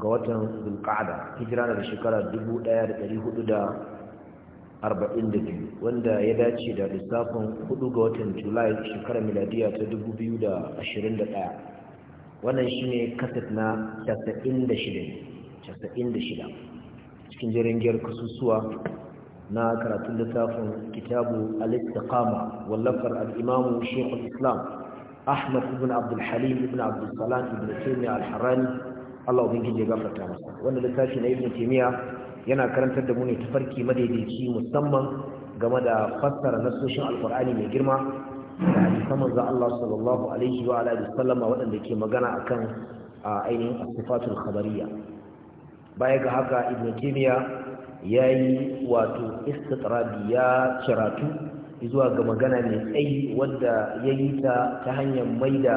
ga watan zulqa'ada hijira da shekara 1442 wanda ya dace da lissafin 4 ga watan Julai shekarar miladiya ta 2021 wannan shine kasat na 96 cikin jirgin kasusuwa na karatun lissafin kitabu al-istiqama wallafar alimamu imam islam Ahmad ibn Abdul Halim ibn Abdul Salam ibn al Allah ubangiji ya gafarta masa wannan littafi na Ibn Taymiyyah yana karantar da mu ne tafarki madaidaici musamman game da fassara nasoshin Alkur'ani mai girma da hadisan manzon Allah sallallahu alaihi wa alihi wasallama waɗanda ke magana akan ainihin as-sifatul khabariyya baya ga haka Ibn Taymiyyah yayi wato istitrabi ya karatu zuwa ga magana mai tsayi wadda yayi ta ta hanyar maida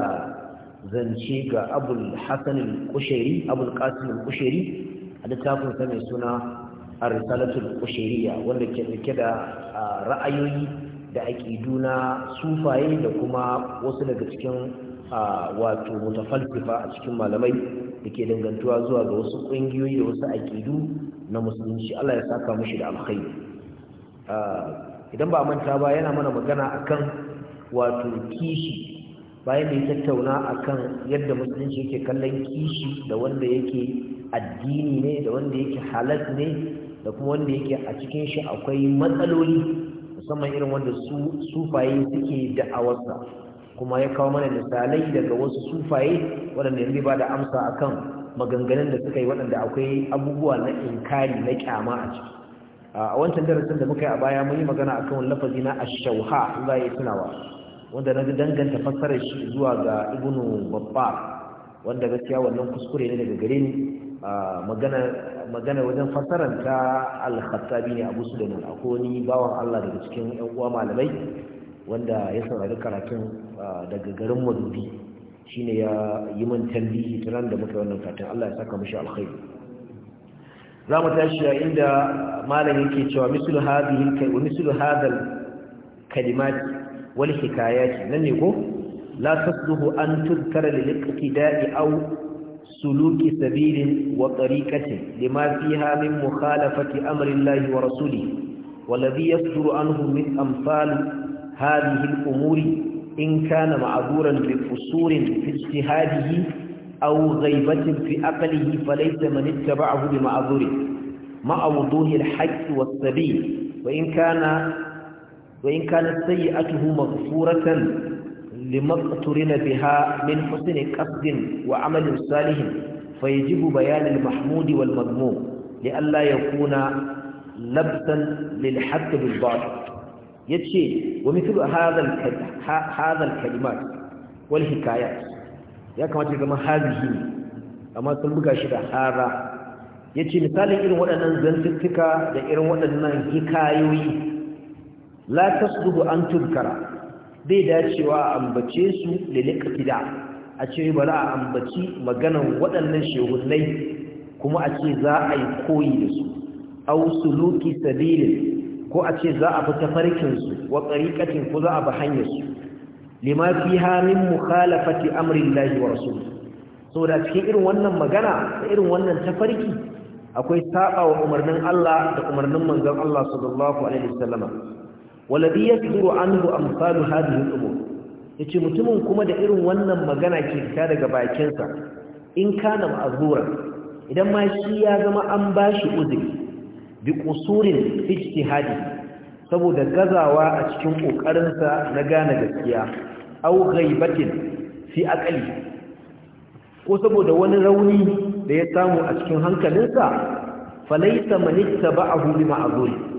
zance ga abul hasan al-kushairi abul qasim al a littafin mai suna ar-risalatul kushairiya wanda ke dauke da ra'ayoyi da aqidu na sufaye da kuma wasu daga cikin wato mutafalsifa a cikin malamai da ke dangantuwa zuwa ga wasu ƙungiyoyi da wasu aƙidu na musulunci Allah ya saka mushi da alkhairi idan ba manta ba yana mana magana akan wato kishi bayan da ya tattauna a kan yadda musulunci yake kallon kishi da wanda yake addini ne da wanda yake halas ne da kuma wanda yake a cikin shi akwai matsaloli musamman irin wanda su sufaye suke da'awarsa kuma ya kawo mana misalai daga wasu sufaye waɗanda yanzu ba da amsa a kan maganganun da suka yi waɗanda akwai abubuwa na inkari na kyama a ciki a wancan darasin da muka yi a baya mun yi magana akan lafazi na ashauha za a yi tunawa wanda na danganta fassarar shi zuwa ga ibnu babba wanda gaskiya wannan kuskure ne daga gare ni magana wajen fassarar ta al-khattabi ne abu su da nan bawan Allah daga cikin yan uwa malamai wanda ya saurari karatun daga garin madubi shine ya yi min tambayi tunan da muka wannan katin Allah ya saka mishi alkhairi za mu tashi a inda malam yake cewa mislu hadhihi wa mislu hadal kalimati wani hikaya ce nan ne ko la tasduhu an tuzkara li au! da'i aw suluki sabilin wa tariqatin lima fiha min mukhalafati wa rasuli wa ladhi yasduru anhu min amsal hadhihi al-umuri in kana ma'duran bi fusurin fi ijtihadihi aw ghaibatin fi aqlihi falaysa man ittaba'ahu bi ma'duri ma'wuduhi al-haqq wa as-sabil in kana وإن كانت سيئته مغفورة لما اقترن بها من حسن قصد وعمل صالح فيجب بيان المحمود والمذموم لئلا يكون لبسا للحق بالباطل يتشي ومثل هذا الكلمة هذا الكلمات والحكايات يا كما تقول هذه أما تلبك شده هذا yace misalin irin waɗannan zantuttuka da irin waɗannan hikayoyi la tasdubu an tunkara bai dacewa a ambace su liliqtida a ce bala a ambaci maganan waɗannan shehunnai kuma a ce za a yi koyi da su wasu suluki sabirin. ko a ce za a bi tafarkin su wa tariqatin ku za a bi hanyar su lima fiha min mukhalafati amrillahi wa rasulihi saboda cikin irin wannan magana da irin wannan tafarki akwai saba wa umarnin Allah da umarnin mangan Allah sallallahu walladhi yasduru anhu amsalu hadhihi al-umur yace mutumin kuma da irin wannan magana ke fita daga bakinsa in kana ma'zura idan ma shi ya zama an bashi uzuri bi qusurin ijtihadi saboda gazawa a cikin kokarinsa na gane gaskiya aw ghaibatin fi aqli ko saboda wani rauni da ya samu a cikin hankalinsa falaysa a ittaba'ahu bi ma'zuri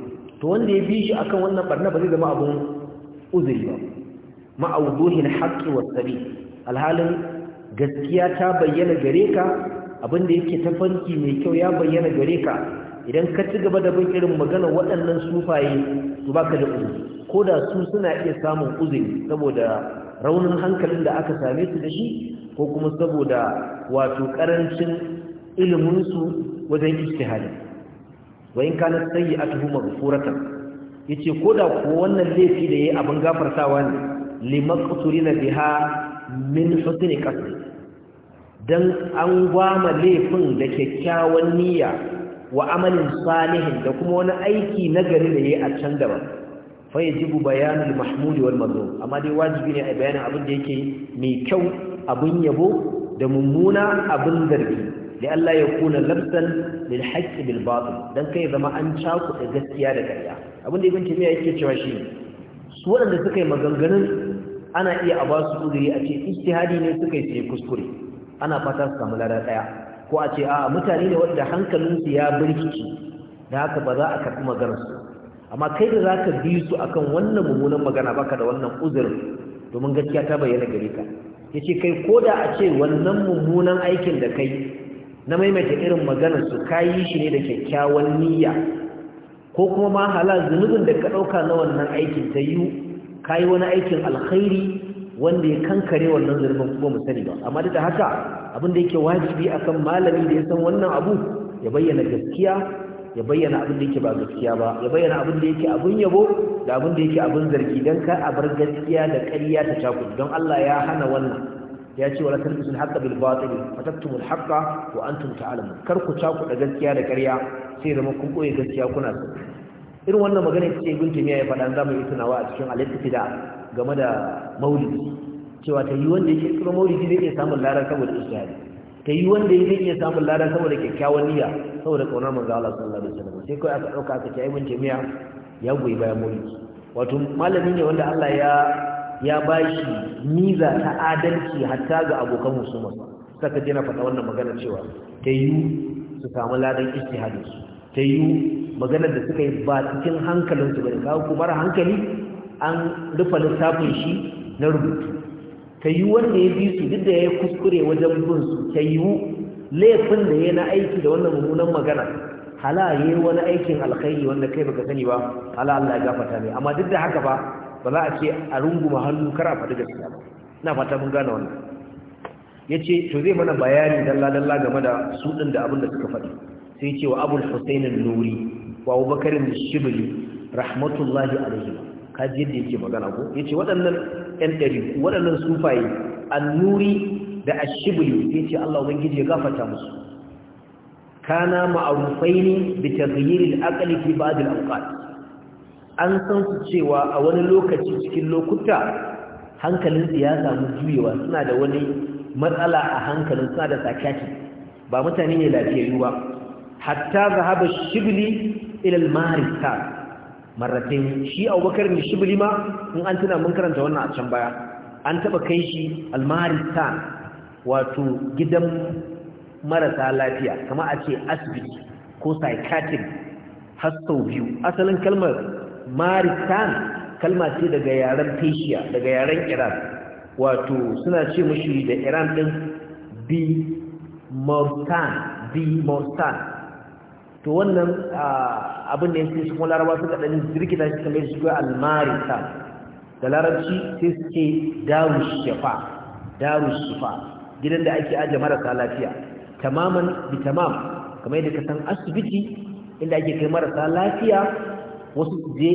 to wanda ya bi shi akan wannan barna ba zai zama abun uzuri ba ma'awduhin haqqi was sabi alhalin gaskiya ta bayyana gare ka abinda yake ta fanki mai kyau ya bayyana gare ka idan ka ci gaba da bin irin magana waɗannan sufaye su baka da uzuri ko da su suna iya samun uzuri saboda raunin hankalin da aka same su da shi ko kuma saboda wato ƙarancin iliminsu wajen ishtihadin wa sayi kana sayyi'atuhu maghfuratan yace da ko wannan laifi da ya yayi abin gafartawa ne limaqturina biha min husni qasdi dan an gwama laifin da kyakkyawan niyya wa amalin salihin da kuma wani aiki na gari da yayi a can daban fayajibu bayanul mahmudi wal mazlum amma dai wajibi ne a bayanin abin da yake mai kyau abin yabo da mummuna abin zargi da Allah ya kuna labsan lil haqqi bil batil dan kai zama an caku da gaskiya da ƙarya abin da ibn timiya yake cewa shi ne. su waɗanda suka yi maganganun ana iya a ba su uzuri a ce ijtihadi ne suka yi sai kuskure ana fata su samu lada daya ko a ce a'a mutane ne wanda hankalinsu ya birkici da haka ba za a karɓi maganar amma kai da zaka bi su akan wannan mummunan magana baka da wannan uzurin domin gaskiya ta bayyana gare ka yace kai ko da a ce wannan mummunan aikin da kai na maimaita irin maganar su kayi shi ne da kyakkyawan niyya ko kuma ma halal zunubin da ka ɗauka na wannan aikin ta yi kayi wani aikin alkhairi wanda ya kankare wannan zunubin kuma mu sani ba amma duk da haka abin da yake wajibi akan malami da ya san wannan abu ya bayyana gaskiya ya bayyana abin da yake ba gaskiya ba ya bayyana abin da yake abin yabo da abin da yake abin zargi don ka a bar gaskiya da ƙarya ta cakudu don Allah ya hana wannan ya ce wala tarbisu al-haqqa bil batil fa taktumu al-haqqa wa antum ta'lamun kar ku ta ku da gaskiya da ƙarya sai zama kun koyi gaskiya kuna so irin wannan magana ce ibn timiya ya faɗa zamu yi tunawa a cikin al-ittida game da maulidi cewa ta yi wanda yake kuma maulidi zai iya samun laran saboda ijtihadi ta yi wanda zai iya samun laran saboda kyakkyawan niyya saboda kaunar manzo Allah sallallahu alaihi wasallam sai kai aka dauka aka ce ibn timiya ya goyi bayan maulidi wato malami ne wanda Allah ya ya bashi miza ta adalci hatta ga abokan musulman saka jina faɗa wannan magana cewa ta yi su samu ladan istihadinsu ta yi maganar da suka yi ba cikin hankalinsu ba da kawo kuma hankali an rufa lissafin shi na rubutu ta yi wanda ya bi su duk da ya yi kuskure wajen bin su ta yi laifin da ya na aiki da wannan mummunan magana hala ya yi wani aikin alkhairi wanda kai baka sani ba hala Allah ya gafarta ne amma duk da haka ba ba za a ce a runguma hannu kar a faɗi gaskiya ba ina fata mun gane wannan Ya ce to zai mana bayani dalla dalla game da su ɗin da abin da suka faɗi sai ce wa Abul husainin nuri wa Abu Bakar da shibli rahmatullahi alaihi ji yadda yake magana ko Ya ce waɗannan ɗan ɗari waɗannan sufaye an-Nuri da a shibiri Ya ce Allah ubangiji ya gafata musu kana ma'rufaini bi taghyir al-aqli fi ba al an san su cewa a wani lokaci cikin lokuta hankalinsu ya samu juyewa suna da wani matsala a hankalin suna da sakaki ba mutane ne lafiyayyu ba hatta zahaba shibli ila al marratin shi abubakar ne shibli ma in an tuna mun karanta wannan a can baya an taɓa kai shi almarita wato gidan marasa lafiya kama a ce asibiti ko psychiatric har biyu asalin kalmar maritan kalma ce daga yaren Persia daga yaren Iran wato suna ce mashi da Iran din bi mortan bi mortan to wannan abin da ya kuma cikin larabawa suka dan jirkita shi kamar shi al almarita da larabci sai suke daru shifa daru gidan da ake ajiye marasa lafiya tamaman bi tamam kamar yadda ka san asibiti inda ake kai marasa lafiya wasu je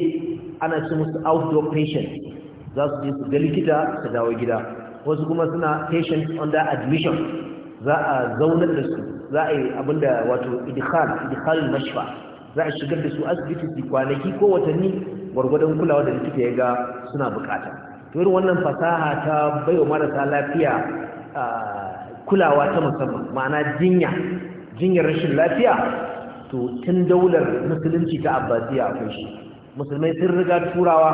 ana ce musu outdoor patient za su je su ga likita su dawo gida wasu kuma suna patient under admission za a zaunar da su za a yi abinda wato idikhal idkhalul mashfa za a shigar da su asibiti su kwanaki ko watanni gwargwadon kulawa da likita ya ga suna bukata to wannan fasaha ta baiwa marasa lafiya ah, kulawa ta musamman ma'ana jinya jinyar rashin lafiya to tun daular musulunci ta abbasiya akwai shi musulmai sun riga turawa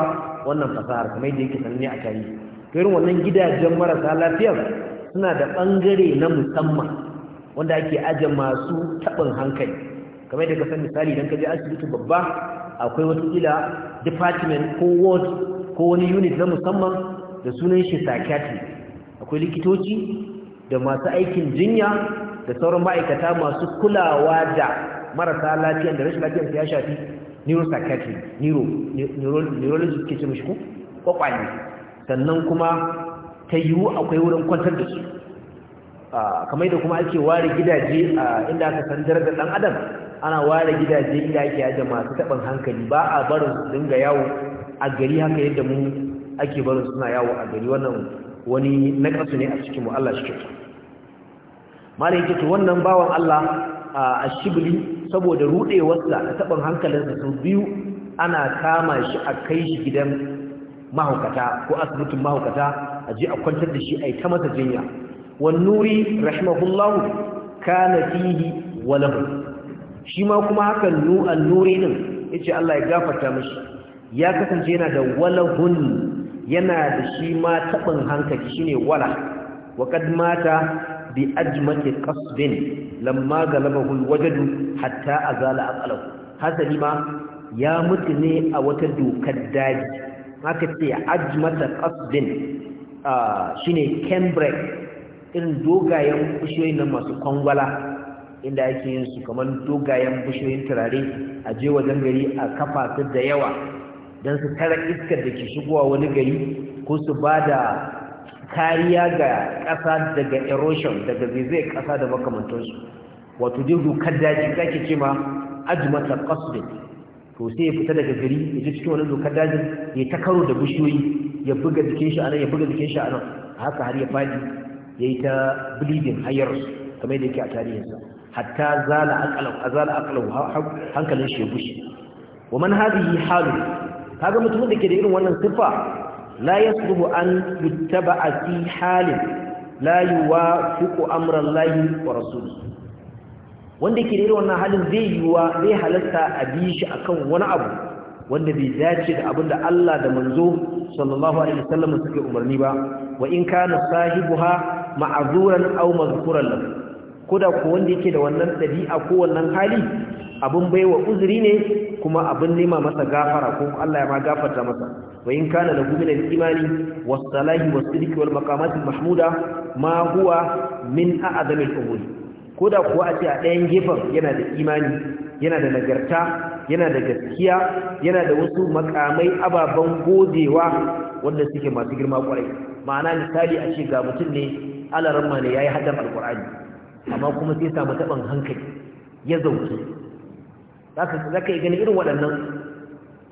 wannan fasahar kamar da yake sananne a tarihi to irin wannan gidajen marasa lafiyar suna da ɓangare na musamman wanda ake aje masu taɓin hankali kamar da ka san misali idan ka je asibiti babba akwai wata ila department ko ward ko wani unit na musamman da sunan shi psychiatry akwai likitoci da masu aikin jinya da sauran ma'aikata masu kulawa da marasa lafiyan da rashin lafiyan ya shafi neuropsychiatry neuro neurology ke ce ko kwakwale sannan kuma ta yiwu akwai wurin kwantar da su kamar da kuma ake ware gidaje inda aka san da dan adam ana ware gidaje inda ake yaje masu taɓin hankali ba a barin su dinga yawo a gari haka yadda mu ake barin suna yawo a gari wannan wani nakasu ne a cikin mu Allah shi kyautu malai yake to wannan bawan Allah a shibli saboda rudewarsa a taɓin hankalinsa sun biyu ana kama shi a kai shi gidan mahaukata ko asibitin mahaukata a je a kwantar da shi a yi ta masa jinya wani nuri rahimahullahu kana fihi walahu shi ma kuma haka nu'an nuri din ce Allah ya gafarta mashi. ya kasance yana da walahun yana da shi ma taɓin hankali Shi ne wala wa mata bi ajmati qasbin lamma galabahu alwajdu hatta azala aqlahu hasali ma ya mutu ne a wata dokar daji haka ce ajmata qasbin shine cambrake irin dogayen bishiyoyi na masu kwangwala inda ake yin su kamar dogayen bishiyoyin turare a je wajen gari a kafa su da yawa don su tara iskar da ke shigowa wani gari ko su ba da kariya ga ƙasa daga erosion daga zaizayar ƙasa da makamantarsu wato dai dokar daji kake ce ma ajmata qasd to sai ya fita daga gari ya ji cikin wani dokar dajin ya ta karo da bushiyoyi ya buga jikin shi anan ya buga jikin shi A haka har ya fadi ya yi ta bleeding hayar kamar da yake a tarihinsa hatta zala a zala aqalu hankalin shi ya bushe wa man hadhihi halu kaga mutumin da ke da irin wannan sifa la yasluhu an yuttaba fi halin la yuwafiqu amra Allah wa wanda ke da wannan halin zai yiwuwa zai halasta a bi shi akan wani abu wanda bai dace da abin da Allah da manzo sallallahu alaihi wasallam suke umarni ba wa in kana sahibuha ma'azuran aw mazkuran lahu da ko wanda yake da wannan dabi'a ko wannan hali abun baiwa uzuri ne kuma abin nema masa gafara ko Allah ya ma gafarta masa wa in kana da gumin al-imani was-salahi was-sidqi wal-maqamati mahmuda ma huwa min a'zami al-umuri koda kuwa a ce a ɗayan gefen yana da imani yana da nagarta yana da gaskiya yana da wasu makamai ababen godewa wanda suke masu girma kwarai ma'ana misali a ce ga mutum ne alaramma ne yayi hadan alqur'ani amma kuma sai samu taban hankali ya zauke za ka yi gani irin waɗannan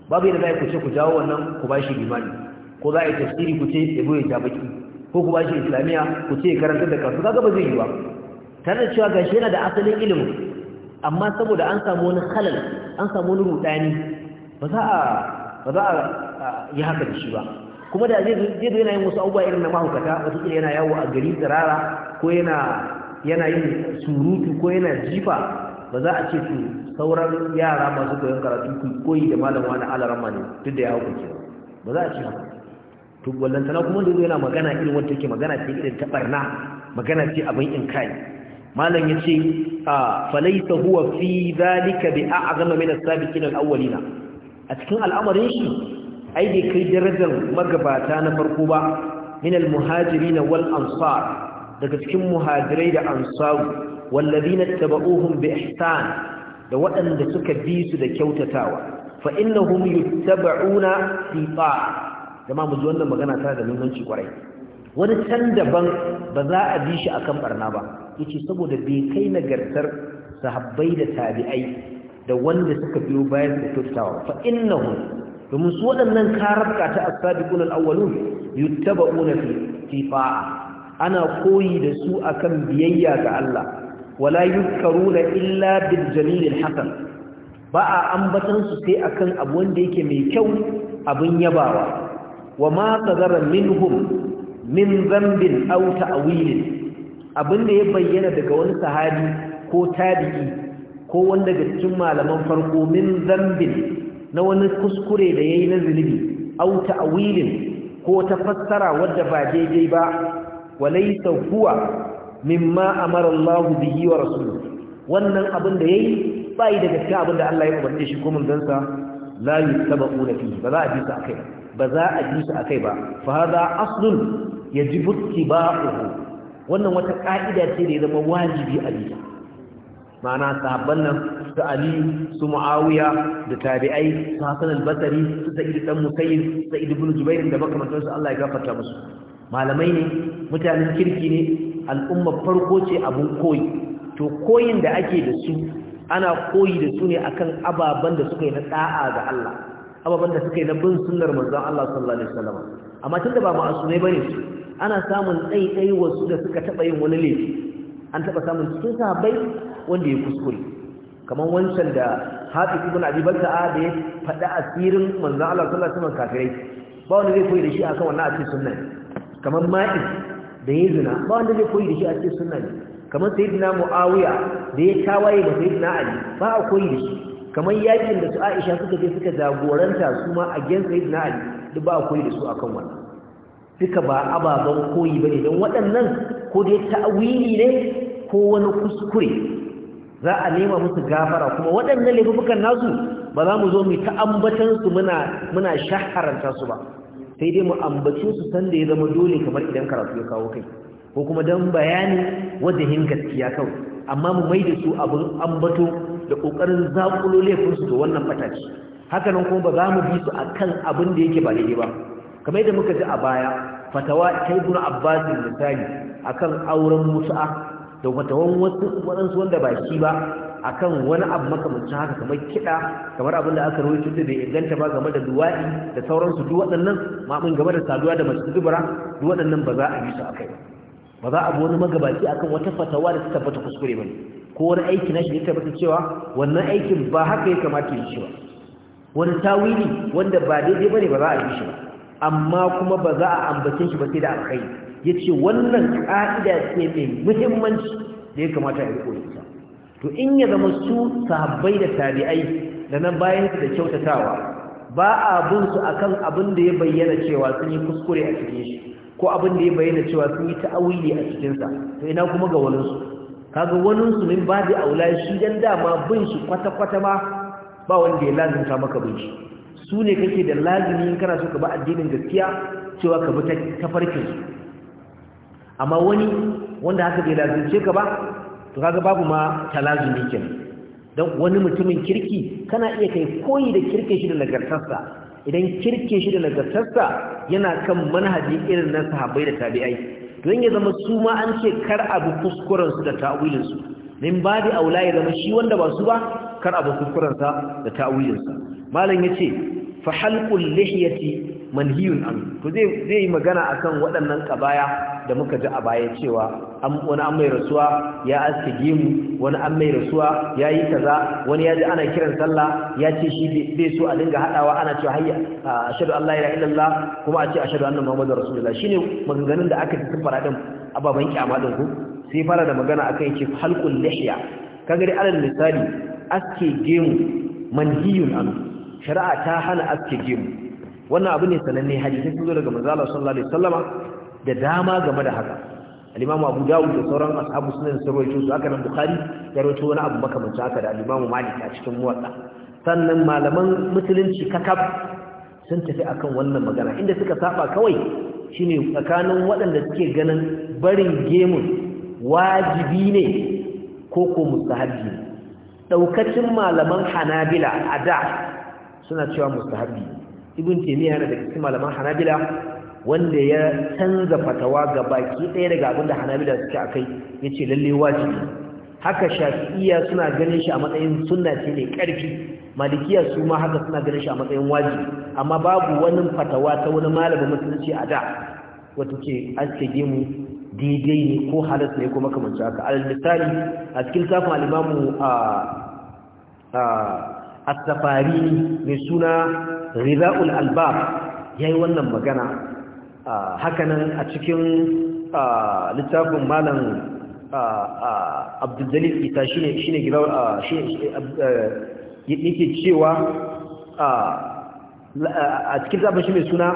babu yadda za ku ce ku jawo wannan ku ba shi limani ko za a yi tafsiri ku ce ya zo ya ja baki ko ku ba shi islamiyya ku ce ya karanta da kansu kaga ba zai yi ba tare da cewa gashi yana da asalin ilimin amma saboda an samu wani halal an samu wani rudani ba za a ba za a yi haka da shi ba kuma da zai zai yana yin wasu abubuwa irin na mahaukata wataƙila yana yawo a gari tsirara ko yana yana yin surutu ko yana jifa ba za a ce su sauran yara masu koyon karatu ku koyi da malam wani alarama ne duk da ya hau ke ba za a ce haka to wallantana kuma da yana magana irin wanda yake magana ce irin ta barna magana ce abin in kai malam ya ce a falaita huwa fi zalika bi a'zama na sabiqin al-awwalina a cikin al'amarin shi ai bai kai darajar magabata na farko ba min al-muhajirin wal ansar daga cikin muhajirai da ansaru wallazina tabauhum biihsan da waɗanda suka bi su da kyautatawa fa innahum yuttabauna fi ta jama'a mu ji wannan magana ta da mimmanci kwarai wani can daban ba za a bi shi akan barna ba yace saboda bai kai nagartar sahabbai da tabi'ai da wanda suka biyo bayan da kyautatawa fa innahum domin su waɗannan karabka ta asabiqul awwalun yuttabauna fi fi ana koyi da su akan biyayya ga Allah wala yuzkaruna illa bil jalil hasan ba a ambatan su sai akan abu wanda yake mai kyau abin yabawa wa ma qadara minhum min dhanbin aw ta'wil abin ya bayyana daga wani sahabi ko tabi'i ko wanda daga cikin malaman farko min dhanbin na wani kuskure da yayi na zulubi aw ta'wilin ko ta fassara wadda ba daidai ba walaysa huwa mimma amarallahu bihi wa rasuluhu wannan abin da yayi bai da gaskiya abin da Allah ya umarce shi ko manzon la yusabaquna fihi ba za a ji su akai ba za a ji su akai ba fa hada aslun yajibu ittiba'uhu wannan wata ka'ida ce da ya zama wajibi a bisa ma'ana sahabban nan su Ali su Muawiya da tabi'ai su Hassan al-Basri su Sa'id dan Musayyib Sa'id ibn Jubair da makamantansu Allah ya gafarta musu malamai ne mutanen kirki ne al'ummar farko ce abun koyi to koyin da ake da su ana koyi da su ne akan ababen da suka yi na da'a ga Allah ababen da suka yi na bin sunnar manzon Allah sallallahu alaihi wasallam amma tunda ba ma'asumai bane su ana samun ɗaiɗai wasu da suka taɓa yin wani laifi an taɓa samun cikin sahabbai wanda ya kuskure kamar wancan da Hafiz ibn Abi Bakr da ya faɗi asirin manzon Allah sallallahu alaihi wasallam kafirai ba wanda zai koyi da shi akan wannan asirin sunnah sunna kamar Ma'in da ya zina ba wanda zai koyi da shi a cikin sunna ne kamar sayyidina muawiya da ya tawaye da sayyidina ali ba a koyi da shi kamar yakin da su aisha suka je suka jagoranta su ma a gen sayyidina ali duk ba a koyi da su akan wannan duka ba ababen koyi bane don waɗannan ko dai ta'awili ne ko wani kuskure za a nema musu gafara kuma waɗannan laifukan nasu ba za mu zo mu ta ambatan su muna muna shaharanta su ba sai dai mu ambace su san da ya zama dole kamar idan karatu ya kawo kai ko kuma don bayanin wajahin gaskiya kawai amma mu mai da su abin ambato da ƙoƙarin zaƙulo laifinsu da wannan fataci haka nan kuma ba za mu bi su akan abin da yake ba daidai ba kamar yadda muka ji a baya fatawa ta ibn abbas misali akan auren musa da fatawan wasu waɗansu wanda ba shi ba akan wani abu makamancin haka kamar kiɗa kamar abin da aka rawaito tunda bai inganta ba game da duwa'i da sauransu duk waɗannan ma mun game da saduwa da masu dubura duk waɗannan ba za a yi su akai ba za a bi wani magabaci akan wata fatawa da ta tabbata kuskure ba ko wani aiki na shi ya tabbata cewa wannan aikin ba haka ya kamata ya shi ba wani tawili wanda ba daidai bane ba za a yi shi ba amma kuma ba za a ambace shi ba sai da alkhairi yace wannan ka'ida ce mai muhimmanci da ya kamata a yi koyi to in ya zama su sahabbai da tabi'ai da nan bayan su da kyautatawa ba a bin su akan abin da ya bayyana cewa sun yi kuskure a cikin shi ko abin da ya bayyana cewa sun yi ta'awili a cikin sa to ina kuma ga wani su kaga wani su min ba da aula shi dan dama bin shi kwata kwata ma ba wanda ya lazimta maka bin shi su ne kake da lazimi in kana so ka ba addinin gaskiya cewa ka bi ta farkin amma wani wanda haka bai lazimce ka ba to kaga babu ma talazumi kenan don wani mutumin kirki kana iya kai koyi da kirke shi da nagartarsa idan kirke shi da nagartarsa yana kan manhaji irin na sahabbai da tabi'ai don ya zama su ma an ce kar abu kuskurensu da ta'awilinsu min ba da aula ya zama shi wanda ba su ba kar abu kuskurensa da ta'awilinsa malam ya ce fa halqul lihiyati manhiyun an to zai zai yi magana akan waɗannan kabaya da muka ji a baya cewa wani an mai rasuwa ya aske gemu wani an mai rasuwa ya yi kaza wani ya ji ana kiran sallah ya ce shi bai so a dinga haɗawa ana cewa hayya ashhadu Allah la ilaha illallah kuma a ce ashhadu anna muhammadar rasulullah shine maganganun da aka tafi fara din ababan kiyama din ku sai fara da magana akan ce halqul lihya kaga dai alal misali aske gemu manhiyun an shari'a ta hana aske gemu wannan abu ne sananne hadisi sun zo daga manzo Allah sallallahu alaihi wasallama da dama game da haka al-imamu abu dawud da sauran ashabu suna sarwaito su aka nan bukhari ya rawaito wani abu makamanci haka da al-imamu malik a cikin muwatta sannan malaman musulunci kakab sun tafi akan wannan magana inda suka saba kawai shine tsakanin waɗanda suke ganin barin gemun wajibi ne ko ko mustahabi ne daukacin malaman hanabila a da suna cewa mustahabi ibn taymiya yana daga cikin malaman hanabila wanda ya canza fatawa ga baki ɗaya daga abin da hanabila suke a kai ya ce lalle wajibi haka shafi'iya suna ganin shi a matsayin sunna ce ne ƙarfi malikiya su ma haka suna ganin shi a matsayin wajibi amma babu wani fatawa ta wani malamin musulunci a da wata ce an ce gemu daidai ne ko halas ne ko makamanci haka alal misali a cikin kafin alimamu a safari mai suna riza'ul albab ya yi wannan magana Ah, hakanan a cikin ah, littafin malam ah, abduljalil ita ne shine shi ne eh, cewa a cikin zafin shi mai suna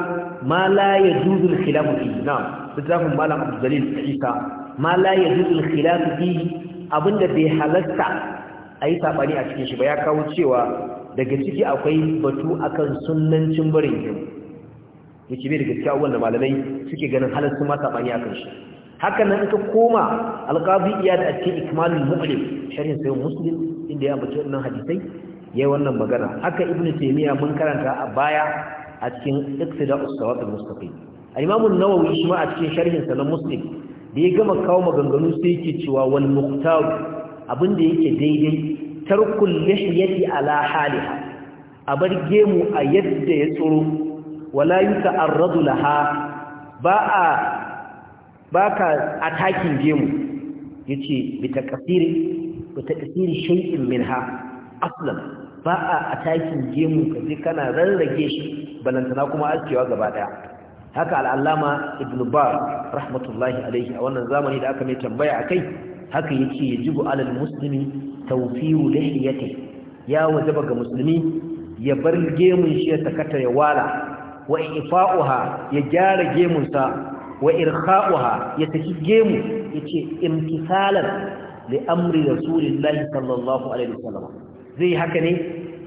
ma la yajuzul khilafu fi na littafin malam abduljalil ita ma la yajuzul khilafu fi abinda bai halatta yi sabani a cikin shi ba ya kawo cewa daga ciki akwai batu akan sunnancin barin gemu yace bai da gaskiya wanda malamai suke ganin halarci ma sabani a shi haka nan ita koma alqabi iya da cikin ikmalul mu'lim sharhin sai muslim inda ya ambaci wannan hadisai yi wannan magana haka ibnu taymiya mun karanta a baya a cikin iqtida'us siratal mustaqim al-imam an-nawawi shi ma a cikin sharhin sa na muslim da ya gama kawo maganganu sai yake cewa wal muqtaw abin da yake daidai tarkul lihiyati ala haliha a bar gemu a yadda ya tsoro wala yuta'arradu laha ba a baka attacking gemu yace bi takfiri bi takfiri shay'in minha aslan ba a attacking gemu kaje kana rarrage shi balantana kuma askewa gaba daya haka al-allama ibn bar rahmatullahi alayhi a wannan zamani da aka mai tambaya akai haka yace yajibu alal muslimi tawfiru lihiyati ya wajaba ga muslimi ya bar gemun shi ya sakata ya wala wa ifa'uha ya gyara gemunsa wa irkha'uha ya saki gemu yace imtisalan li amri rasulillahi sallallahu alaihi wasallam zai haka ne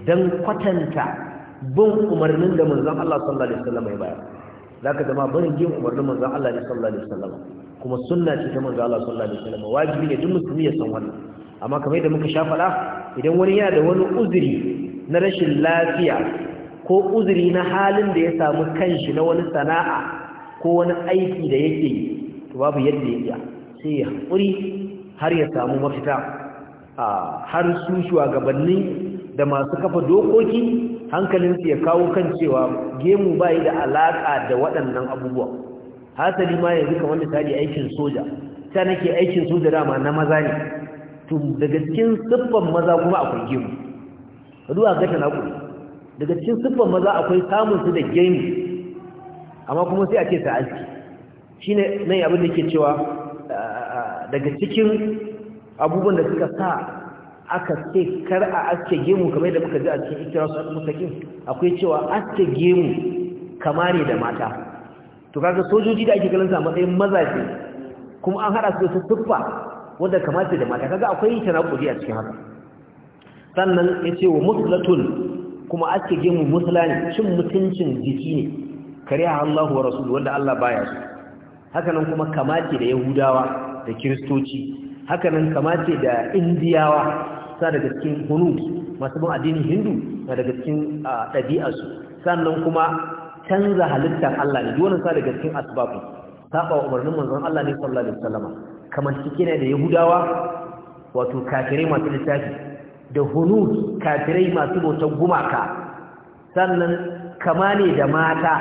dan kwatanta bin umarnin da manzon Allah sallallahu alaihi wasallam ya bayar zaka zama barin gemu umarnin manzon Allah ne sallallahu alaihi wasallam kuma sunna ce ta manzon Allah sallallahu alaihi wasallam wajibi ne duk musulmi ya san wannan amma kamar yadda muka sha faɗa idan wani yana da wani uzuri na rashin lafiya ko uzuri na halin da ya samu kanshi na wani sana'a ko wani aiki da yake yi to babu yadda ya iya sai ya haƙuri har ya samu mafita har su shugabanni da masu kafa dokoki hankalinsu ya kawo kan cewa gemu bai da alaƙa da waɗannan abubuwa hasali ma yanzu kamar misali aikin soja ta nake aikin soja dama na maza ne to daga cikin siffan maza kuma akwai gemu zuwa ga na daga cikin siffan maza akwai samun su da gemu amma kuma sai a ce ta aski shine nan abin da ke cewa ah, daga cikin abubuwan da suka sa aka ce kar a aske gemu kamar da muka ji a cikin ikirasu a musakin akwai cewa aske gemu kama ne da mata to kaga sojoji da ake kallon sa a matsayin mazaje kuma an hada su da siffa wanda ce da mata kaga akwai tanakuri a cikin haka sannan yace wa muslatun kuma ake gemu mu cin mutuncin jiki ne kare Allahu wa rasulu wanda Allah baya su hakanan kuma kamace da yahudawa da kiristoci hakanan kamace da indiyawa sa daga cikin hunu, masu bin addinin hindu sa daga cikin ɗabi'arsu sannan kuma canza halittar Allah ne dole sa daga cikin asbabu saba umarnin manzon Allah ne sallallahu alaihi wasallama kamar cikin da yahudawa wato kafirai masu littafi da hunut kafirai masu bautan gumaka sannan kama da mata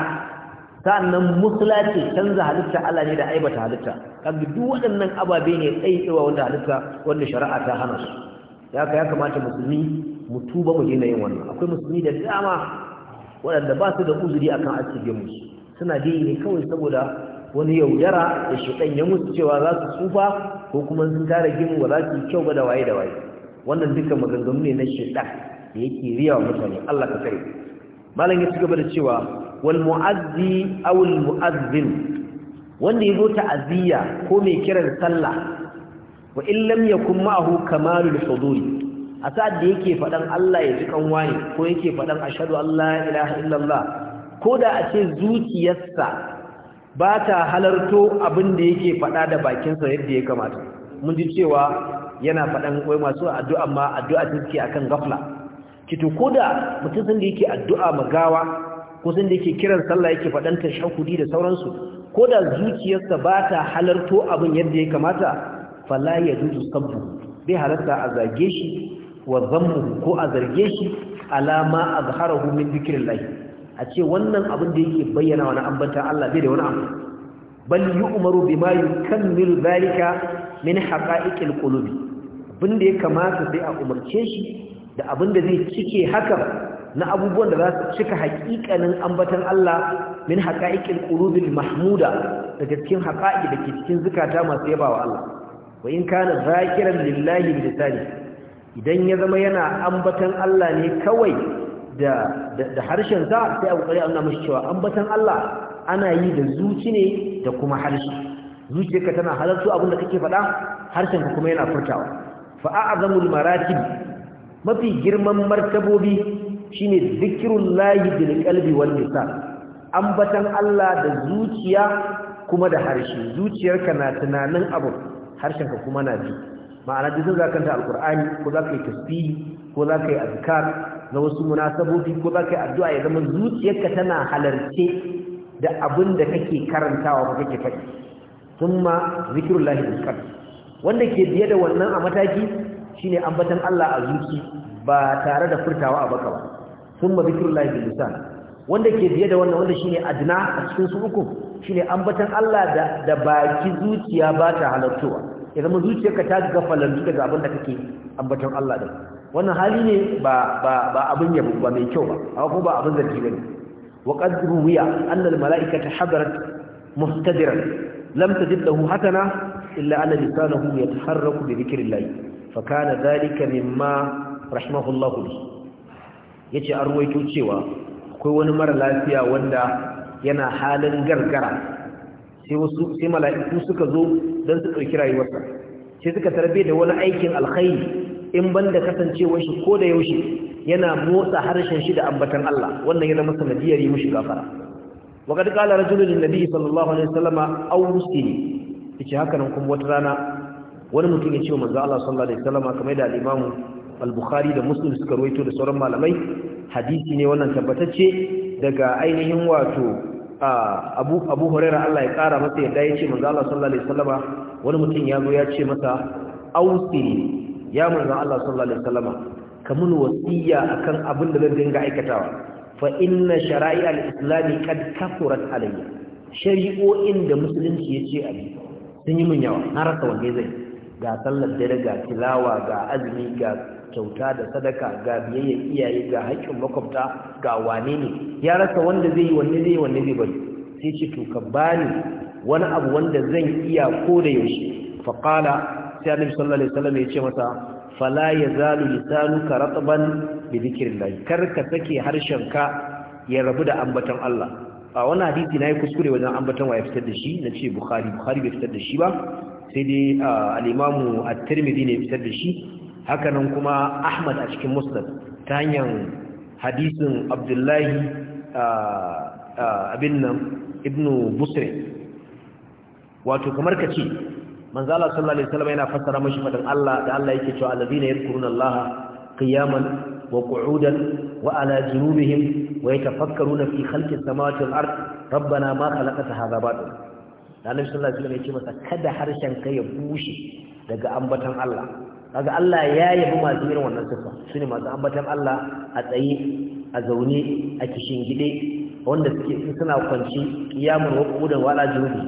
sannan musula ce canza halitta Allah ne da aibata halitta kaga duk waɗannan ababe ne tsaitsewa wanda halitta wanda shari'a ta hana su ya ka ya kamata musulmi mu tuba mu daina yin wannan akwai musulmi da dama waɗanda ba su da uzuri akan asibin mu suna dai ne kawai saboda wani yaudara da shekan ya musu cewa za su tsufa ko kuma sun tara gimu ba za su yi kyau ba da waye da waye wannan duka maganganu ne na shaitan da yake riya wa mutane Allah ka kare malam ya cigaba da cewa wal mu'azzi aw al mu'azzin wanda yazo ta'aziyya ko mai kiran sallah wa in lam yakun ma'ahu kamalul huduri a sa'ad da yake fadan Allah ya ji kanwani ko yake fadan ashhadu an la ilaha illallah ko da a ce zuciyarsa ba ta halarto abin da yake faɗa da bakinsa yadda ya kamata mun ji cewa yana faɗan wai masu addu'a ma addu'a ta a akan gafla kito ko da mutum sun da yake addu'a magawa ko sun da yake kiran sallah yake faɗan tashahudi da sauransu ko da zuciyarsa ba ta halarto abin yadda ya kamata fala ya juzu sabbu bai halarta a zage shi wa zammu ko a zarge shi alama azharahu min dhikrillah a ce wannan abin da yake bayyana wani ambatan Allah bai da wani abu bal yu'maru bima yukammilu dhalika min haqa'iqil qulubi abin da ya kamata sai a umarce shi da abin da zai cike hakan na abubuwan da za su cika haƙiƙanin ambatan Allah min haƙa'iƙin ƙurubin mahmuda daga cikin haƙa'i da ke cikin zukata masu yaba wa Allah wa in kana zakiran lillahi bi lisani idan ya zama yana ambatan Allah ne kawai da da harshen sa sai a kokari an nuna cewa ambatan Allah ana yi da zuci ne da kuma harshe zuciyarka tana halartu abin da kake faɗa harshenka kuma yana furtawa fa a'zamul maratib mafi girman martabobi shine zikrullahi bil qalbi wal lisan ambatan Allah da zuciya kuma da harshe zuciyarka na tunanin abu harshenka kuma na ji ma'ana duk za kanta ta alqur'ani ko za ka yi tasbihi ko za ka yi azkar na wasu munasabobi ko za ka yi addu'a ya zama zuciyarka tana halarce da abin da kake karantawa ko kake faɗi thumma zikrullahi bil qalbi wanda ke biye da wannan a mataki shine ambatan Allah a zuci ba tare da furtawa a baka ba thumma zikrullahi bil lisan wanda ke biye da wannan wanda shine adna a cikin su uku shine ambatan Allah da da baki zuciya ba ta halartuwa. idan mu zuciyarka ta gafalantu daga abin da kake ambatan Allah da wannan hali ne ba ba ba abin yabo ba mai kyau ba amma kuma ba abin zargi bane wa qad ruwiya anna al mala'ikata hadarat muhtadiran lam tajid lahu hatana. illa ana lisanuhu yataharraku bi dhikrillah fa kana dhalika mimma rahimahullahu yace an ruwaito cewa akwai wani mara lafiya wanda yana halin gargara sai wasu sai mala'iku suka zo don su ɗauki rayuwarsa sai suka tarbe da wani aikin alkhairi in banda kasancewar shi ko da yaushe yana motsa harshen shi da ambatan Allah wannan yana masa nadiyar yi mushi gafara wa kad qala rajulun nabiy sallallahu alaihi wasallama awsini ce haka nan kuma wata rana wani mutum ya ce wa manzo Allah sallallahu alaihi wasallam kamar da al-Imam al-Bukhari da Muslim suka rawaito da sauran malamai hadisi ne wannan tabbatacce daga ainihin wato Abu Abu Hurairah Allah ya kara masa yadda yace manzo Allah sallallahu alaihi wasallam wani mutum ya zo ya ce masa ausi ya manzo Allah sallallahu alaihi wasallam kamun wasiya akan abin da zan dinga aikatawa fa inna shara'i al-islam qad kafurat alayya shari'o'in da musulunci yace abi sun yi mun yawa na rasa wanne zai ga sallar dare ga tilawa ga azumi ga kyauta da sadaka ga biyayya iyaye ga haƙƙin makwabta ga wane ne ya rasa wanda zai yi wanne zai yi wanne zai bari sai ce to ka bani wani abu wanda zan iya ko da yaushe fa qala sai annabi sallallahu alaihi wasallam ya ce masa fala yazalu lisanuka ratban bi dhikrillah kar ka sake harshenka ya rabu da ambaton Allah a wannan hadisi na yi kuskure wajen ambaton wa ya fitar da shi na ce bukhari bukhari bai fitar da shi ba sai dai al'imamu a tirmidhi ne fitar da shi hakanan kuma ahmad a cikin musnad ta hanyar hadisin abdullahi abin nan ibnu busre wato kamar ka ce manzala sallallahu alaihi wasallam yana fassara mashi faɗin Allah da Allah yake cewa allazina yadhkuruna Allah qiyaman وقعودا وعلى جنوبهم ويتفكرون في خلق السماوات والأرض ربنا ما خلقت هذا باطل النبي صلى الله عليه وسلم يقول كدا حرشان كي يبوشي daga ambatan Allah kaga Allah ya yabi masu irin wannan sifa shine masu ambatan Allah a tsaye a zaune a kishin gide wanda suke suna kwanci qiyamul wuqudan wala junubi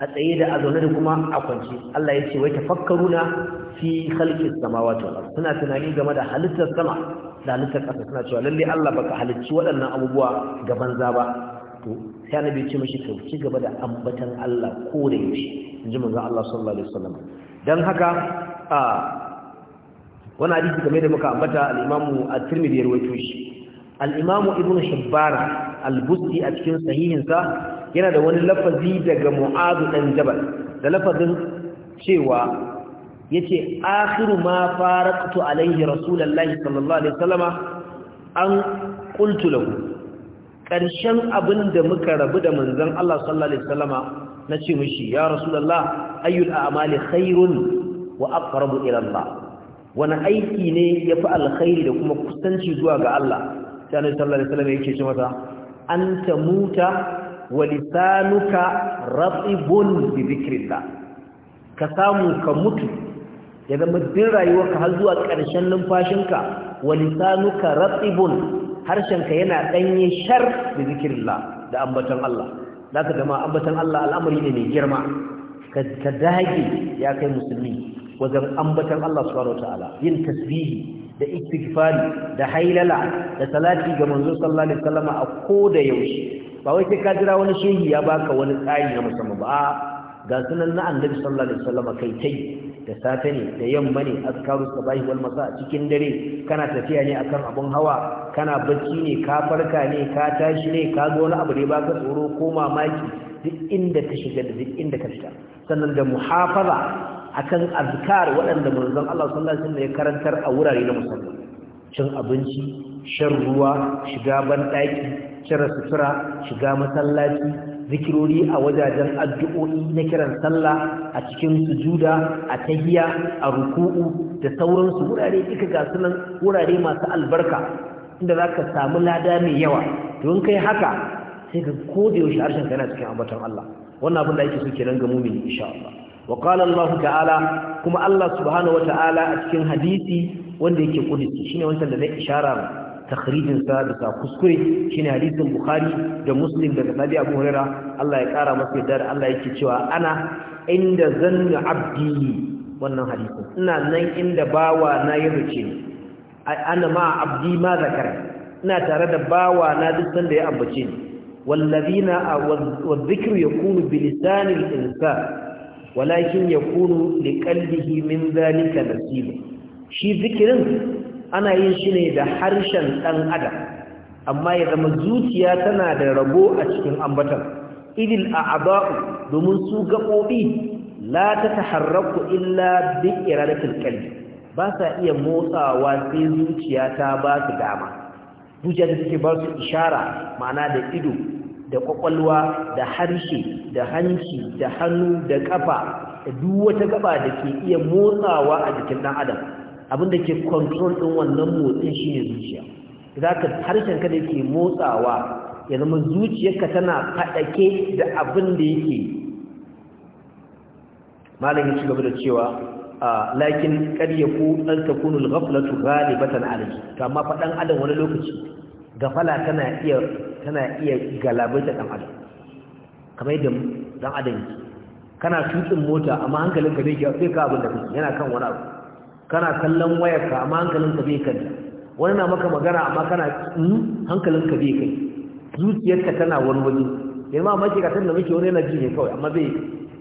a tsaye da a zaune da kuma a kwanci Allah yace wai tafakkaruna fi khalqis samawati wal ardh suna tunani game da halittar sama da halittar ƙasa suna cewa lalle Allah baka halicci waɗannan abubuwa ga banza ba to sai annabi ya ce mishi to ci gaba da ambatan Allah ko da yaushe inji manzo Allah sallallahu alaihi wasallam dan haka a wannan hadisi game da muka ambata al-Imam at-Tirmidhi ya rawaito shi al-Imam Ibn Shabbara al-Busti a cikin sahihinsa yana da wani lafazi daga Mu'adh dan Jabal da lafazin cewa yace akhiru ma faraqtu alaihi rasulullahi sallallahu alaihi wasallama an qultu lahu karshen abinda muka rabu da manzon Allah sallallahu alaihi wasallama nace mishi ya rasulullah ayyul a'mali khairun wa aqrabu ila Allah wani aiki ne ya fi alkhairi da kuma kusanci zuwa ga Allah sai sallallahu alaihi wasallama yake ce masa anta muta wa lisanuka ratibun bi dhikrillah ka samu ka mutu ya zama din rayuwarka har zuwa ƙarshen numfashinka wa lisanuka ratibun harshenka yana danye shar da zikirillah da ambaton Allah zaka zama ambaton Allah al'amari ne mai girma ka dage ya kai musulmi wajen ambaton Allah subhanahu wataala yin tasbihi da istighfari da hailala da salati ga manzo sallallahu alaihi wasallam a koda yaushe ba wai sai ka jira wani shehi ya baka wani tsari na musamman ba ga sunan na annabi sallallahu alaihi wasallam kai tai da safe ne da yamma ne azkaru sabahi wal masa cikin dare kana tafiya ne akan abun hawa kana bacci ne ka farka ne ka tashi ne ka ga wani abu ne ka tsoro ko mamaki duk inda ka shiga da duk inda ka fita sannan da muhafaza akan azkar waɗanda manzon Allah sallallahu alaihi wasallam ya karantar a wurare na musamman cin abinci shan ruwa shiga ban cire sutura shiga masallaci zikirori a wajajen addu'o'i na kiran sallah a cikin sujuda a tahiya a ruku'u da sauransu wurare duka ga sunan wurare masu albarka inda za ka samu lada mai yawa don kai haka sai ka koda yaushe harshen kana cikin ambaton Allah wannan abin da yake so kenan ga mumini insha Allah wa qala Allah ta'ala kuma Allah subhanahu wa ta'ala a cikin hadisi wanda yake kudisi shine wancan da zai isharar takhrijin sa da sa kuskure shine hadisin bukhari da muslim daga sabi abu hurairah Allah ya kara masa yadda da Allah yake cewa ana inda zanna abdi wannan hadisin ina nan inda bawa na yi Ai ana ma abdi ma zakara ina tare da bawa na duk sanda ya ambace ni wallazina wadhikru yakunu bilisani al-insan walakin yakunu liqalbihi min dhalika nasib shi zikirin ana yin shi ne da harshen ɗan adam amma ya zama zuciya tana da rabo a cikin ambatan idil a a'da'u domin su gaɓoɓi la ta taharraku illa bi da qalbi ba sa iya motsawa sai zuciya ta ba su dama zuciya ta take ba su ishara ma'ana da ido da kwakwalwa da harshe da hanci da hannu da ƙafa, da duk wata gaba da ke iya motsawa a jikin ɗan adam abinda ke control din wannan motsin shine zuciya zaka harshen ka da yake motsawa ya zama zuciyarka tana fadake da abin da yake malam ya ci gaba da cewa lakin kad yaku an takunu al-ghaflatu ghalibatan alayhi Kamma fa dan adam wani lokaci gafala tana iya tana iya galabaita dan adam kamar yadda dan adam kana tukin mota amma hankalinka sai ka abin da kake yana kan wani abu kana kallon wayarka amma hankalinka bai kai wani na maka magana amma kana hmm? hankalinka bai kai zuciyarka tana wani waje yanzu ma mace ka tana miki wani yana ji ne kawai amma bai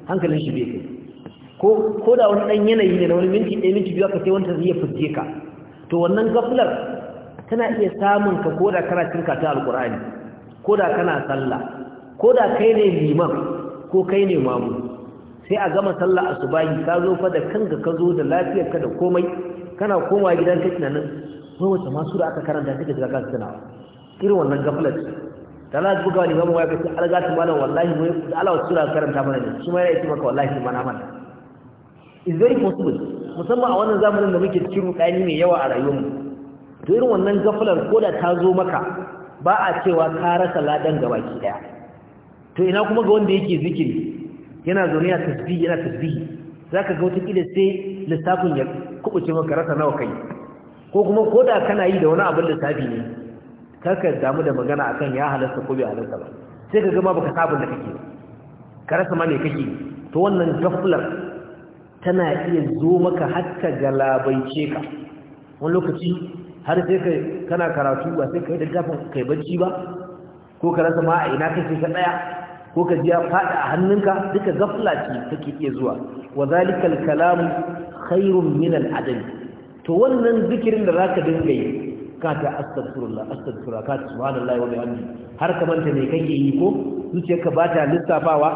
hankalin shi bai kai ko da wani ɗan yanayi ne na wani minti ɗaya minti biyu aka sai wanda zai fuje ka to wannan gaflar tana iya samun ka ko da kana cinka ta alkur'ani ko da kana sallah ko da kai ne liman ko kai ne mamu sai a gama sallah asubahi ka zo fa da kanka ka zo da lafiyar ka da komai kana komawa gidan ka tunanin ko wata masu da aka karanta kake daga kasu tunawa irin wannan gafalar da za su buga wani mamu ya kace alga ta malam wallahi mu da Allah wasu sura karanta mana ne shi ma yana yi maka wallahi mana na mana is very possible musamman a wannan zamanin da muke cikin rudani mai yawa a rayuwarmu to irin wannan gafalar ko da ta zo maka ba a cewa ka rasa ladan gabaki daya to ina kuma ga wanda yake zikiri yana zaune a tasbih yana tasbih zaka ga wata kila sai lissafin ya kubuce maka rasa nawa kai ko kuma koda kana yi da wani abin lissafi ne karka damu da magana akan ya halasta ko bai halasta ba sai ka ga ma baka sabon da kake ka rasa ma me kake to wannan gaflar tana iya zo maka har galabai galabaice ka wani lokaci har sai ka kana karatu ba sai ka yi littafin kai bacci ba ko ka rasa ma a ina kake ka daya ko ka ji ya faɗi a hannunka duka gafla ce take iya zuwa wa zalikal kalamu khairun min al-adam to wannan zikirin da zaka dinga yi ka ta astaghfirullah astaghfirullah ka subhanallahi wa bihamdi har ka manta me kake yi ko zuciyarka ba ta lissafawa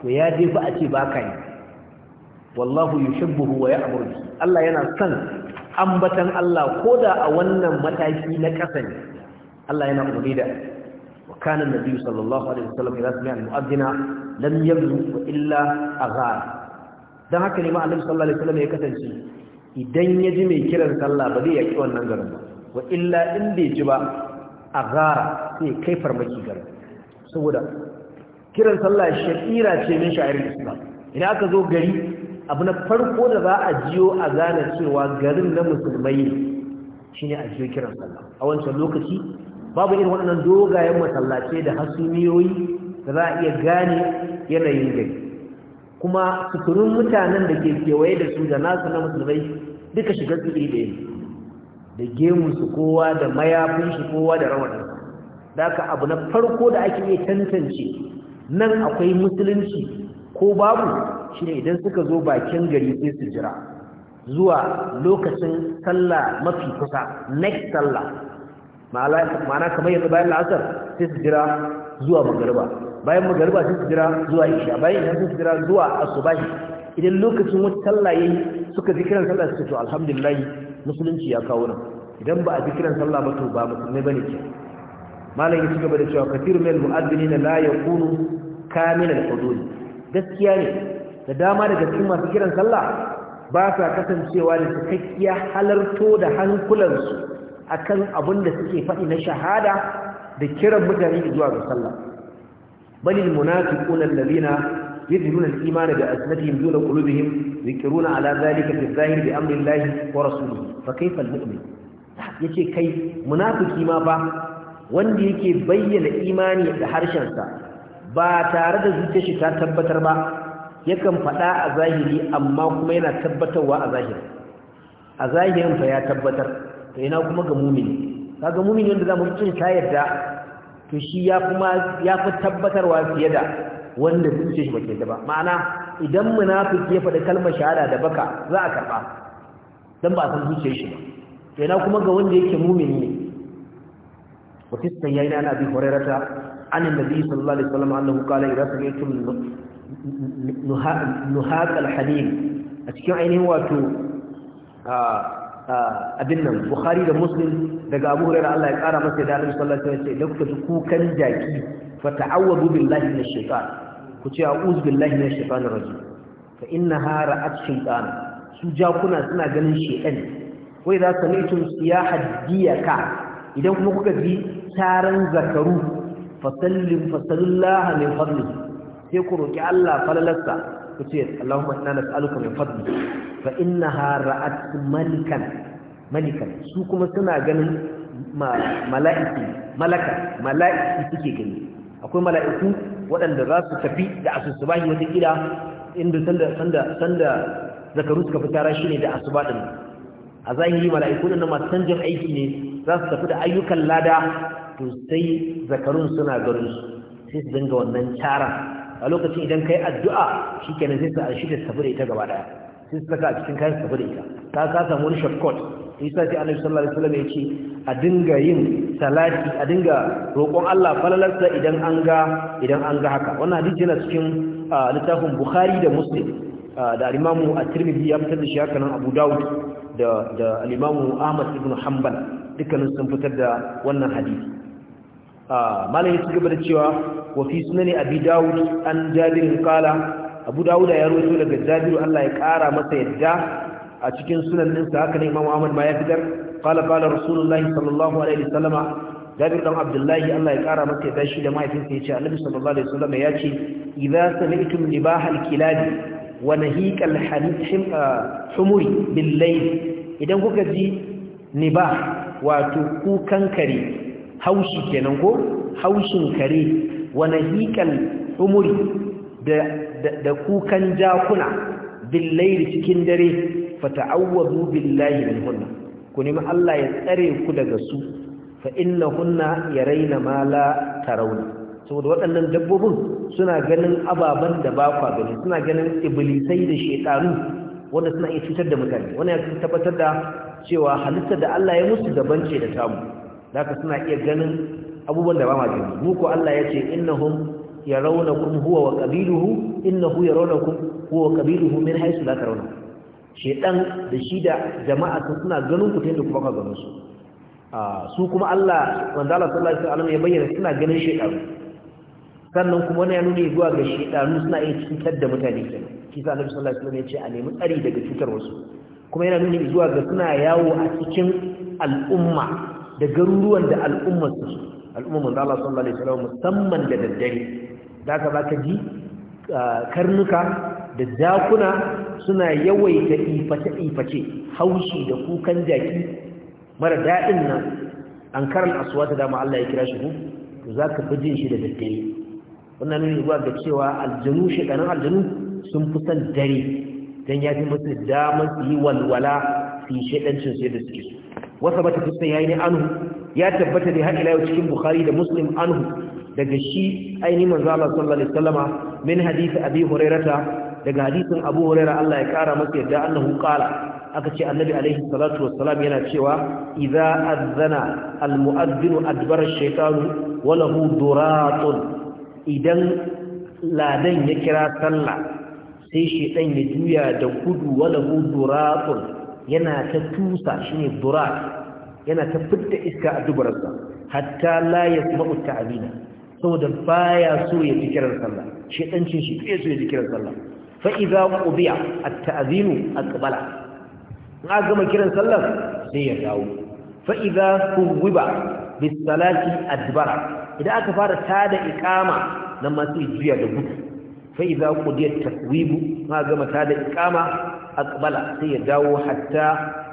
to ya dai ba a ce ba ka yi wallahu yushibbuhu wa ya'muru bihi Allah yana son ambatan Allah koda a wannan mataki na kasa ne Allah yana umurida وكان النبي صلى الله عليه وسلم إذا سمع المؤذن لم يبلغ إلا أغار ne ma annabi sallallahu alaihi wasallam ya kasance idan ya ji mai kiran sallah ba zai yaki wannan garin ba wa illa in bai ji ba agara sai kai farmaki garin saboda kiran sallah shakira ce min sha'irin islam idan aka zo gari abu na farko da za a jiyo a gane cewa garin na musulmai shine a jiyo kiran sallah a wancan lokaci babu irin wannan dogayen masallace da hasumiyoyi da za a iya gane yanayin gari kuma suturin mutanen da ke kewaye da su da nasu na musulmai duka shiga tsiri da yi da gemunsu kowa da mayafin shi kowa da rawanar da aka abu na farko da ake iya tantance nan akwai musulunci ko babu shi ne idan suka zo bakin gari sai su jira zuwa lokacin sallah mafi kusa next sallah ma'ana kamar yanzu bayan la'asar sai su jira zuwa magariba bayan magariba sai su jira zuwa isha bayan isha sai su jira zuwa asubahi idan lokacin wata sallaye suka ji kiran sallah suka to alhamdulillah musulunci ya kawo nan idan ba a ji kiran sallah ba to ba musulmai bane ke malam ya cigaba da cewa kathirun min mu'adhdhinina la yakunu kamil al-hudud gaskiya ne da dama daga cikin masu kiran sallah ba sa kasancewa da cikakkiya halarto da hankulansu akan abin da suke faɗi na shahada da kiran mutane zuwa ga sallah bal almunafiquna alladhina yadhhiruna al-imana bi asnatihim duna qulubihim yaqiruna ala dhalika bi zahir bi amri Allah wa rasulihi fa kayfa almu'min yace kai munafiki ma ba wanda yake bayyana imani da harshensa ba tare da zuciyarsa ta tabbatar ba yakan faɗa a zahiri amma kuma yana tabbatarwa a zahiri a zahirin fa ya tabbatar ka yana kuma ga mumini kaga mumini wanda zamu cin ta yarda to shi ya kuma ya fi tabbatarwa fiye da wanda sun ce shi ba ke da ba ma'ana idan munafiki ya faɗi kalmar shahada da baka za a karɓa dan ba san zuciyar shi ba to ina kuma ga wanda yake mumini ne wa yi na bi alaihi wa sallam, صلى الله عليه وسلم أنه قال tun سمعتم نهاق A cikin ainihin wato. abin nan bukhari da muslim daga abu hurairah Allah ya kara masa da annabi sallallahu alaihi wasallam ce lokacin kukan jaki fa ta'awwadu billahi minash shaitan ku ce a'udhu billahi minash shaitanir rajim fa innaha ra'at shaytan su jakuna suna ganin shaytan wai za ka nitum siyaha diyaka idan kuma kuka ji taran zakaru fasallim fasallaha min fadlihi sai ku roki Allah falalarsa ku ce Allahumma inna nas'aluka min fadli fa innaha ra'at malikan malikan su kuma suna ganin mala'iki malaka mala'iki suke gani akwai mala'iku waɗanda za su tafi da asusubahi wata kila inda sanda sanda sanda zakaru suka tara shine da asuba din a zahiri mala'iku din aiki ne za su tafi da ayyukan lada to sai zakarun suna garin su sai su dinga wannan taran a lokacin idan kai addu'a shikenan zai a shirya tafi da ita gaba daya sai saka a cikin kayan tafi da ita ka ka samu wani shortcut isa ce annabi sallallahu alaihi wasallam ce, a dinga yin salati a dinga roƙon Allah falalarsa idan an ga idan an ga haka wannan hadisi yana cikin ah, littafin Bukhari da Muslim ah, da al-Imam at-Tirmidhi ya fitar da shi haka nan Abu Dawud da da imam Ahmad ibn Hanbal dukkanin sun fitar da wannan hadisi ah, malam ya gaba da cewa wafi sunani abi dawud an jabirin kala abu ya roto daga jabiru allah ya kara masa yadda a cikin sunan ninsa haka ne imamu ahmad ma ya fitar kala kala rasulullahi sallallahu alaihi sallama jabir dan abdullahi allah ya kara masa yadda shi da mahaifinsa ya ce annabi sallallahu alaihi sallama ya ce idan sami'tum libahal kilabi wa nahiqal hanithim humuri bil layl idan kuka ji nibah wato kukan kare haushi kenan ko haushin kare wani hikan umuri da kukan jakuna billahi cikin dare fata'awwadu billahi min hunna ku nemi Allah ya tsare ku daga su fa hunna ya ma la tarawna saboda waɗannan dabbobin suna ganin ababen da ba kwa gani suna ganin iblisai da shekaru wanda suna iya cutar da mutane wani ya tabbatar da cewa halitta da Allah ya musu daban ce da tamu da suna iya ganin abubuwan da ba ma gani mu ko Allah ya ce innahum yarawnakum huwa wa qabiluhu innahu yarawnakum huwa wa qabiluhu min haythu la tarawna shedan da shi da jama'a su suna ganin ku ta yadda kuma ka ganin su ah, su kuma Allah wanda Allah sallallahu alaihi wasallam ya bayyana suna ganin shedan sannan kuma wani ya nuna zuwa ga shedanu suna iya cutar da mutane kenan kisa Allah sallallahu alaihi wasallam ya ce a nemi tsari daga cutar wasu kuma yana nuna zuwa ga suna yawo a cikin al'umma da garuruwan da al'umma su al'umma manzo Allah sallallahu alaihi wasallam musamman da daddare zaka zaka ji karnuka da jakuna suna yawaita iface iface haushi da kukan jaki mara daɗin nan an karal aswata da dama Allah ya kira shi to zaka fi jin shi da daddare wannan ne zuwa ga cewa aljanu shekarun aljanu sun fi san dare dan ya fi musu damar su yi walwala su yi su da suke so wasa bata fuskan yayi ne anhu ya tabbata da har ila yau cikin bukhari da muslim anhu daga shi aini manzo Allah sallallahu alaihi wasallama min hadisi abi hurairata daga hadisin abu hurairah Allah ya kara masa yadda annahu qala aka ce annabi alaihi salatu wassalam yana cewa idza azana almu'adhdhin adbara ash-shaytanu wa lahu duratun idan ladan ya kira sallah sai shaytan ya juya da gudu wa lahu duratun yana ta tusa shine durat yana ta fitta iska a dubararsa hatta la yasma'u ta'abina saboda baya so ya ji kiran sallah shedancin shi bai so ya ji kiran sallah fa idza qudiya at-ta'zinu aqbala in aka gama kiran sallah sai ya dawo fa idza kuwiba bis salati adbara idan aka fara tada iqama nan ma sai juya da gudu fa idza qudiya ta takwibu ma gama tada iqama Akbala sai ya dawo hatta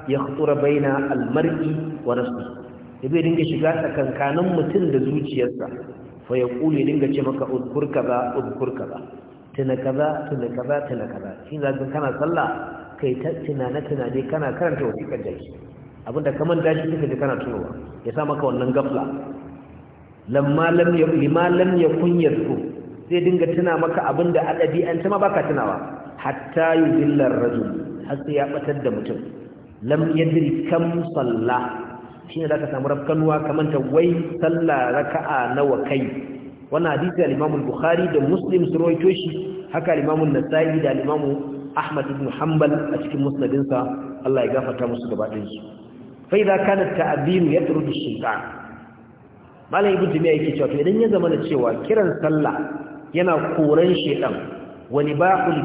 ya khutura baina almar'i wa nafsi bai dinga shiga tsakankanin mutum da zuciyarsa fa ya kule dinga ce maka udkur kaza udkur kaza tuna kaza tuna kaza tuna kaza Shin shi zaka kana sallah kai ta tunane tunane kana karanta wasiƙar jaki abinda ka manta shi kika ji kana tunowa ya sa maka wannan gafla lamma lam ya lima lam yakun yadku sai dinga tuna maka abinda adabi an ta ma baka tunawa hatta yudillar rajul har sai ya batar da mutum lam Sallah, kam salla shine zaka samu rafkanuwa kamar ta wai salla raka'a nawa kai Wani hadisi al bukhari da Muslim su rawaito shi haka al nasai da al Ahmad ibn Hanbal a cikin musnadinsa Allah ya gafarta musu gaba ɗayan su fa idza kana at yatrudu shaytan malai ibn Jami'a yake cewa to idan ya zama da cewa kiran sallah yana koran shedan walibahul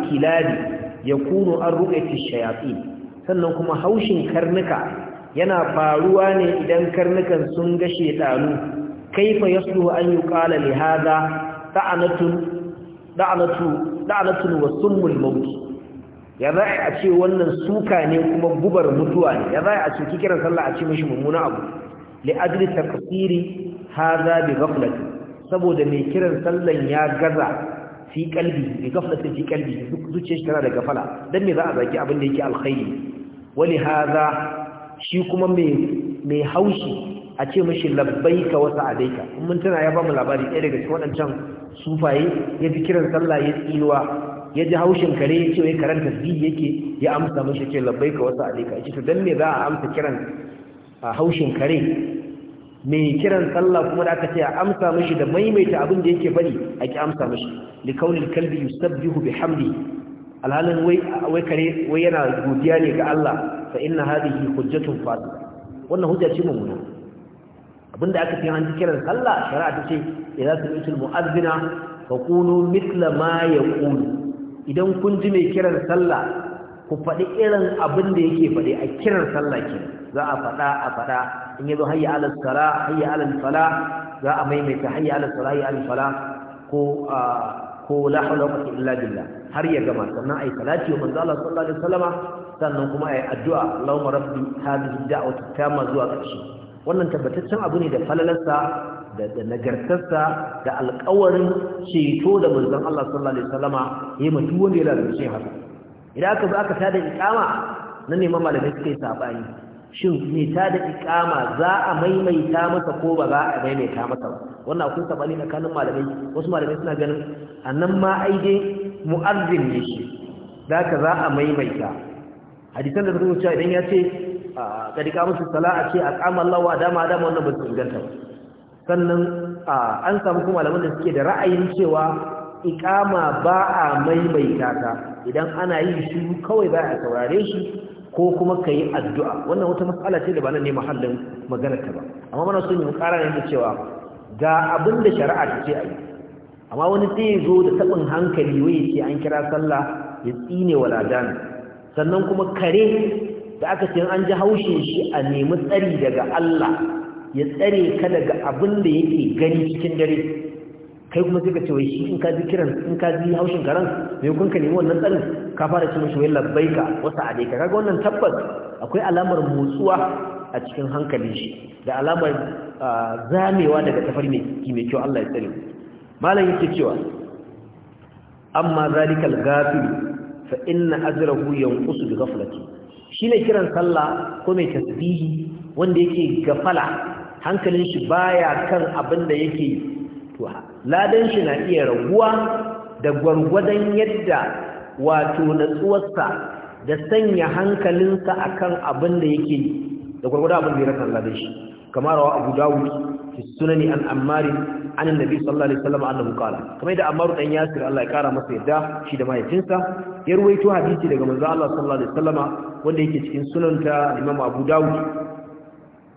ya kunu an ru'yati shayatin sannan kuma haushin karnuka yana faruwa ne idan karnukan sun ga shedanu kaifa yasluhu an yi li hadha haza, da'anatun wa summul maut ya za'i a ce wannan suka ne kuma gubar mutuwa ne ya za'i a ce kiran sallah a ce mashi mummuna abu li ajli taqsiri hadha bi ghaflati saboda mai kiran sallan ya gaza fi kalbi gafla ta fi kalbi zuciya shi tana da gafala dan me za a zaki abin da yake alkhairi wani hadha shi kuma mai haushi a ce mishi labbaika wa sa'adaika in mun tana ya ba mu labari ɗaya daga cikin waɗancan sufaye ya ji kiran sallah ya tsinuwa ya ji haushin kare ya ce wai karanta zi yake ya amsa mishi ce labbaika wa sa'adaika ya ce to dan me za a amsa kiran haushin kare mai kiran sallah kuma da aka ce a amsa mashi da maimaita abin da yake bari a ki amsa mashi. li kaulil kalbi yusabbihu hamdi. alhalin wai wai kare wai yana godiya ne ga Allah fa inna hadhihi hujjatun fasida wannan hujja ce mummuna abinda aka ce an kiran sallah shari'a ta ce idza sami'tul mu'adhdhina faqulu mithla ma yaqulu idan kun ji mai kiran sallah ku faɗi irin abin da yake faɗi a kiran sallah ke za a faɗa a faɗa in yazo hayya alal sala hayya alal za a maimaita hayya alal sala hayya alal ko ko la hawla wa quwwata illa billah har ya gama sannan ai salati wa manzo Allah sallallahu alaihi wasallama sannan kuma ai addu'a Allahumma rabbi hadhihi da'watu tamma zuwa ƙarshe wannan tabbataccen abu ne da falalarsa da nagartarsa da alƙawarin ceto da manzon Allah sallallahu alaihi wasallama yayi duk wanda ya lalace haka idan aka zo aka tada nan na neman malamai suke sabani shin mai tada ikama za a maimaita masa ko ba za a maimaita masa ba wannan akwai sabani tsakanin malamai wasu malamai suna ganin annan ma ai dai mu'azzin ne shi ka za a maimaita hadisan da suka wuce idan ya ce ga dika musu sala'a ce a Allah wa dama dama wannan ba su inganta ba sannan an samu kuma malamin da suke da ra'ayin cewa ikama ba a maimaita ta idan ana yi shiru kawai ba a saurare shi ko kuma ka yi addu'a wannan wata matsala ce da ba nan ne mahallin maganarta ba amma mana sun yi mukara ne da cewa ga abin da shari'a ta ce a yi amma wani sai ya zo da taɓin hankali wai ce an kira sallah ya tsine wa sannan kuma kare da aka ce an ji haushin shi a nemi tsari daga Allah ya tsare ka daga abin da yake gani cikin dare kai kuma sai ka ce wai shi in ka ji kiran in ka ji haushin karan me kun ka nemi wannan tsarin ka fara cin shi wai labbaika wasa a ka ga wannan tabbas akwai alamar motsuwa a cikin hankalin shi da alamar zamewa daga tafar mai mai kyau Allah ya tsare malam yake cewa amma zalikal ghafil fa inna ajrahu yanqusu bi ghaflati ne kiran sallah ko mai tasbihi wanda yake gafala hankalin shi baya kan abin da yake to ladan shi na iya raguwa da gwargwadon yadda wato natsuwarsa da sanya hankalinsa akan abin da yake da gwargwadon abin da ya rasa ladan shi kamar rawa abu dawud fi sunani an amari an nabi sallallahu alaihi wasallam annahu qala kamar da ammaru dan yasir Allah ya kara masa yadda shi da mahaifinsa ya ruwaito hadisi daga manzo Allah sallallahu alaihi sallam wanda yake cikin sunanta Imam Abu Dawud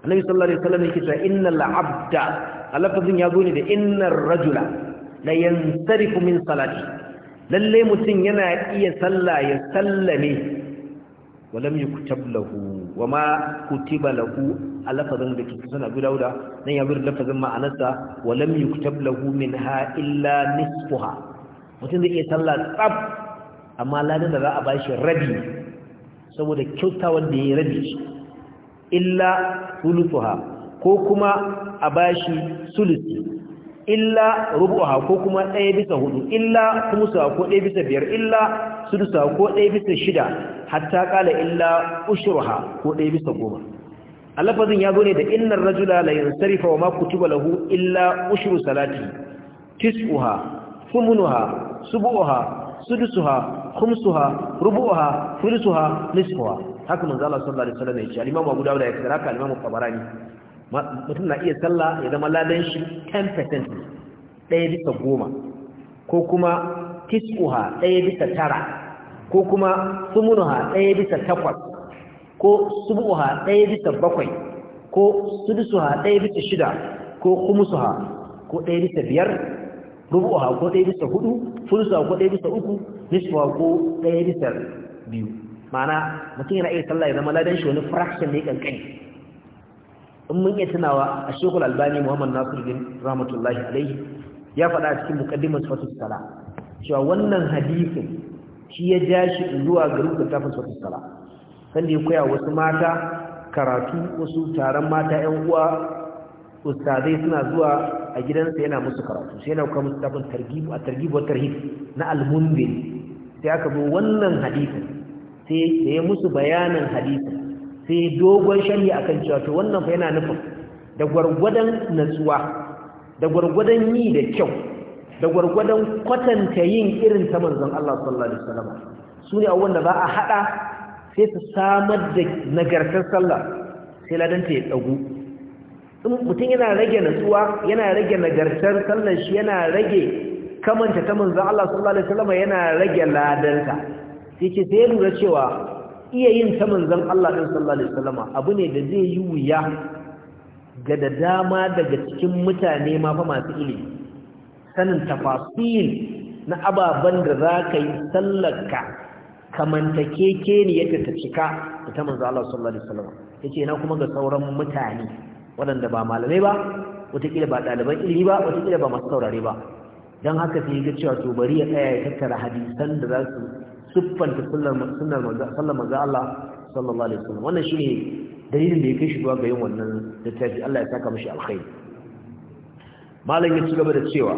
annabi sallallahu alaihi wasallam yake cewa innal abda alafazin ya zo ne da innar rajula la yansarifu min salati lalle mutum yana iya sallah ya sallame walam yukutab lahu wama kutiba lahu alafazin da ke sana bi dauda nan ya bi lafazin ma'anarsa walam yukutab lahu minha illa nisfuha mutum zai iya sallah tsaf. amma ladan da za a bashi rabi saboda kyauta wanda ya rabi illa sulusuha ko kuma a bashi sulusi illa rubuha ko kuma ɗaya bisa hudu illa kumusa ko ɗaya bisa biyar illa sudusa ko ɗaya bisa shida hatta ƙala illa ushurha ko ɗaya bisa goma alafazin ya zo ne da innar rajula la yansarifa wa ma kutuba lahu illa ushru salati tis'uha thumunuha sub'uha sudusuha khumsuha rubu'uha thulusuha nisfuha haka manzo Allah sallallahu alaihi wasallam ya ce al-Imam Abu Dawud ya ce haka al-Imam Tabarani mutum na iya sallah ya zama ladan shi 10% ɗaya bisa goma ko kuma tis'uha ɗaya bisa tara ko kuma sumunuha ɗaya bisa takwas ko subuha ɗaya bisa bakwai ko sudusuha ɗaya bisa shida ko kumusuha ko ɗaya bisa biyar rubuha ko ɗaya bisa hudu fulusuha ko ɗaya bisa uku nisfuha ko ɗaya bisa biyu ma'ana mutum yana iya sallah ya zama ladan shi wani fraction ne kankani in mun iya tunawa a shekul albani muhammad nasiruddin rahmatullahi alaihi ya faɗa a cikin mukaddimar fatus sala cewa wannan hadisin shi ya ja shi zuwa ga rubutun tafin fatus sala san da ya koya wasu mata karatu wasu taron mata yan uwa ustazai suna zuwa a gidansa yana musu karatu sai yana kuma musu tafin targibu a targibu na almunzir sai aka zo wannan hadisin sai da ya musu bayanin hadisi sai dogon sharhi akan cewa to wannan fa yana nufin da gwargwadon natsuwa da gwargwadon yi da kyau da gwargwadon kwatanta yin irin ta manzon Allah sallallahu alaihi wasallam su ne abubuwan da ba a hada sai su samar da nagartar sallah sai ladanta ya dagu mutum yana rage natsuwa yana rage nagartar sallar shi yana rage kamanta ta manzon Allah sallallahu alaihi wasallam yana rage ladanta yace sai ya lura cewa iya yin ta manzan Allah din sallallahu alaihi wasallama abu ne da zai yi wuya ga da dama daga cikin mutane ma fa masu ilimi sanin tafasil na ababen da za ka yi sallarka kamantake ne yadda ta cika da ta Allah sallallahu alaihi ina kuma ga sauran mutane waɗanda ba malamai ba wataƙila ba ɗaliban ilimi ba wataƙila ba masu saurare ba don haka sai ga cewa to bari ya tsaya ya tattara hadisan da za su siffanta sunnar manzo Allah sallallahu alaihi wasallam wannan shine dalilin da ya kai shi zuwa ga yin wannan littafi Allah ya saka mishi alkhairi malam ya ci gaba da cewa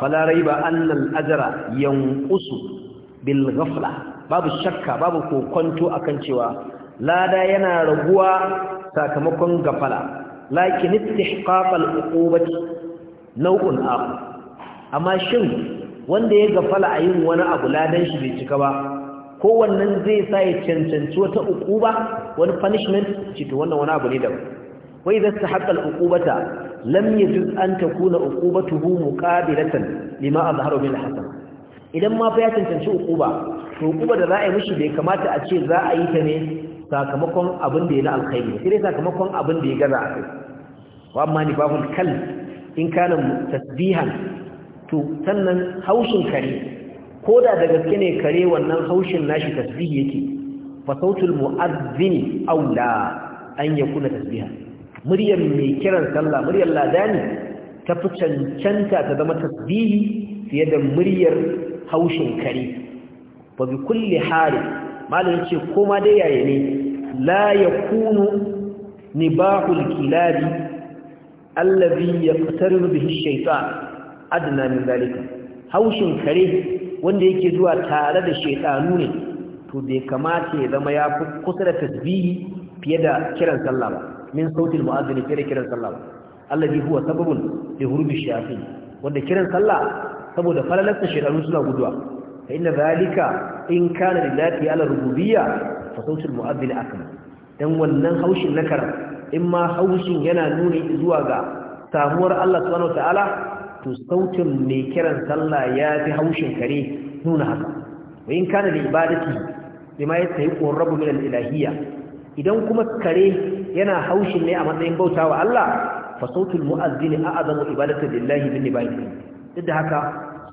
fala raiba annal azara, ajra yanqusu bil ghafla babu shakka babu kokonto akan cewa lada yana raguwa sakamakon gafala lakin istihqaq uqubati nau'un akhar amma shin wanda ya gafala a yin wani abu ladan shi bai cika ba kowannan zai sa ya cancanci wata ukuba wani punishment cito wannan wani abu ne da wa idza istahaqqa al-uqubata lam yajuz an takuna mu muqabilatan lima azhara min hasan idan ma fa ya cancanci ukuba to ukuba da za a yi mishi bai kamata a ce za a yi ta ne sakamakon abin da ya na alkhairi sai dai sakamakon abin da ya gaza a kai wa amma nifaful kal in kana tasbihan to sannan haushin kare ko da da gaske ne kare wannan haushin nashi tasbih yake fasautul sautul mu'azzin aula an yakuna tasbiha muryar mai kiran sallah muryar ladani ta fi cancanta ta zama tasbihi fiye da muryar haushin kare fa bi kulli hali malamin ce koma dai yaye ne la yakunu nibahul kilabi allazi yaqtarin bihi shaytan Adana min zalika haushin kare wanda yake zuwa tare da shaitanu ne to bai kamata ya zama ya kusa da tasbihi fiye da kiran sallah ba min sautin mu'adhdhin fiye da kiran sallah ba allazi huwa sababun li hurbi shayatin wanda kiran sallah saboda falalarsa shedanu suna guduwa fa inna zalika in kana lillahi ala rububiyya fa sautul mu'adhdhin akmal dan wannan haushin nakara in ma haushin yana nuni zuwa ga samuwar Allah subhanahu to sautin mai kiran sallah ya fi haushin kare nuna haka wa in kana da ibadati bima ya sayi rabb min al-ilahiyya idan kuma kare yana haushin ne a matsayin bautawa Allah fa sautul mu'azzin a'zamu ibadatu lillahi min ibadihi duk da haka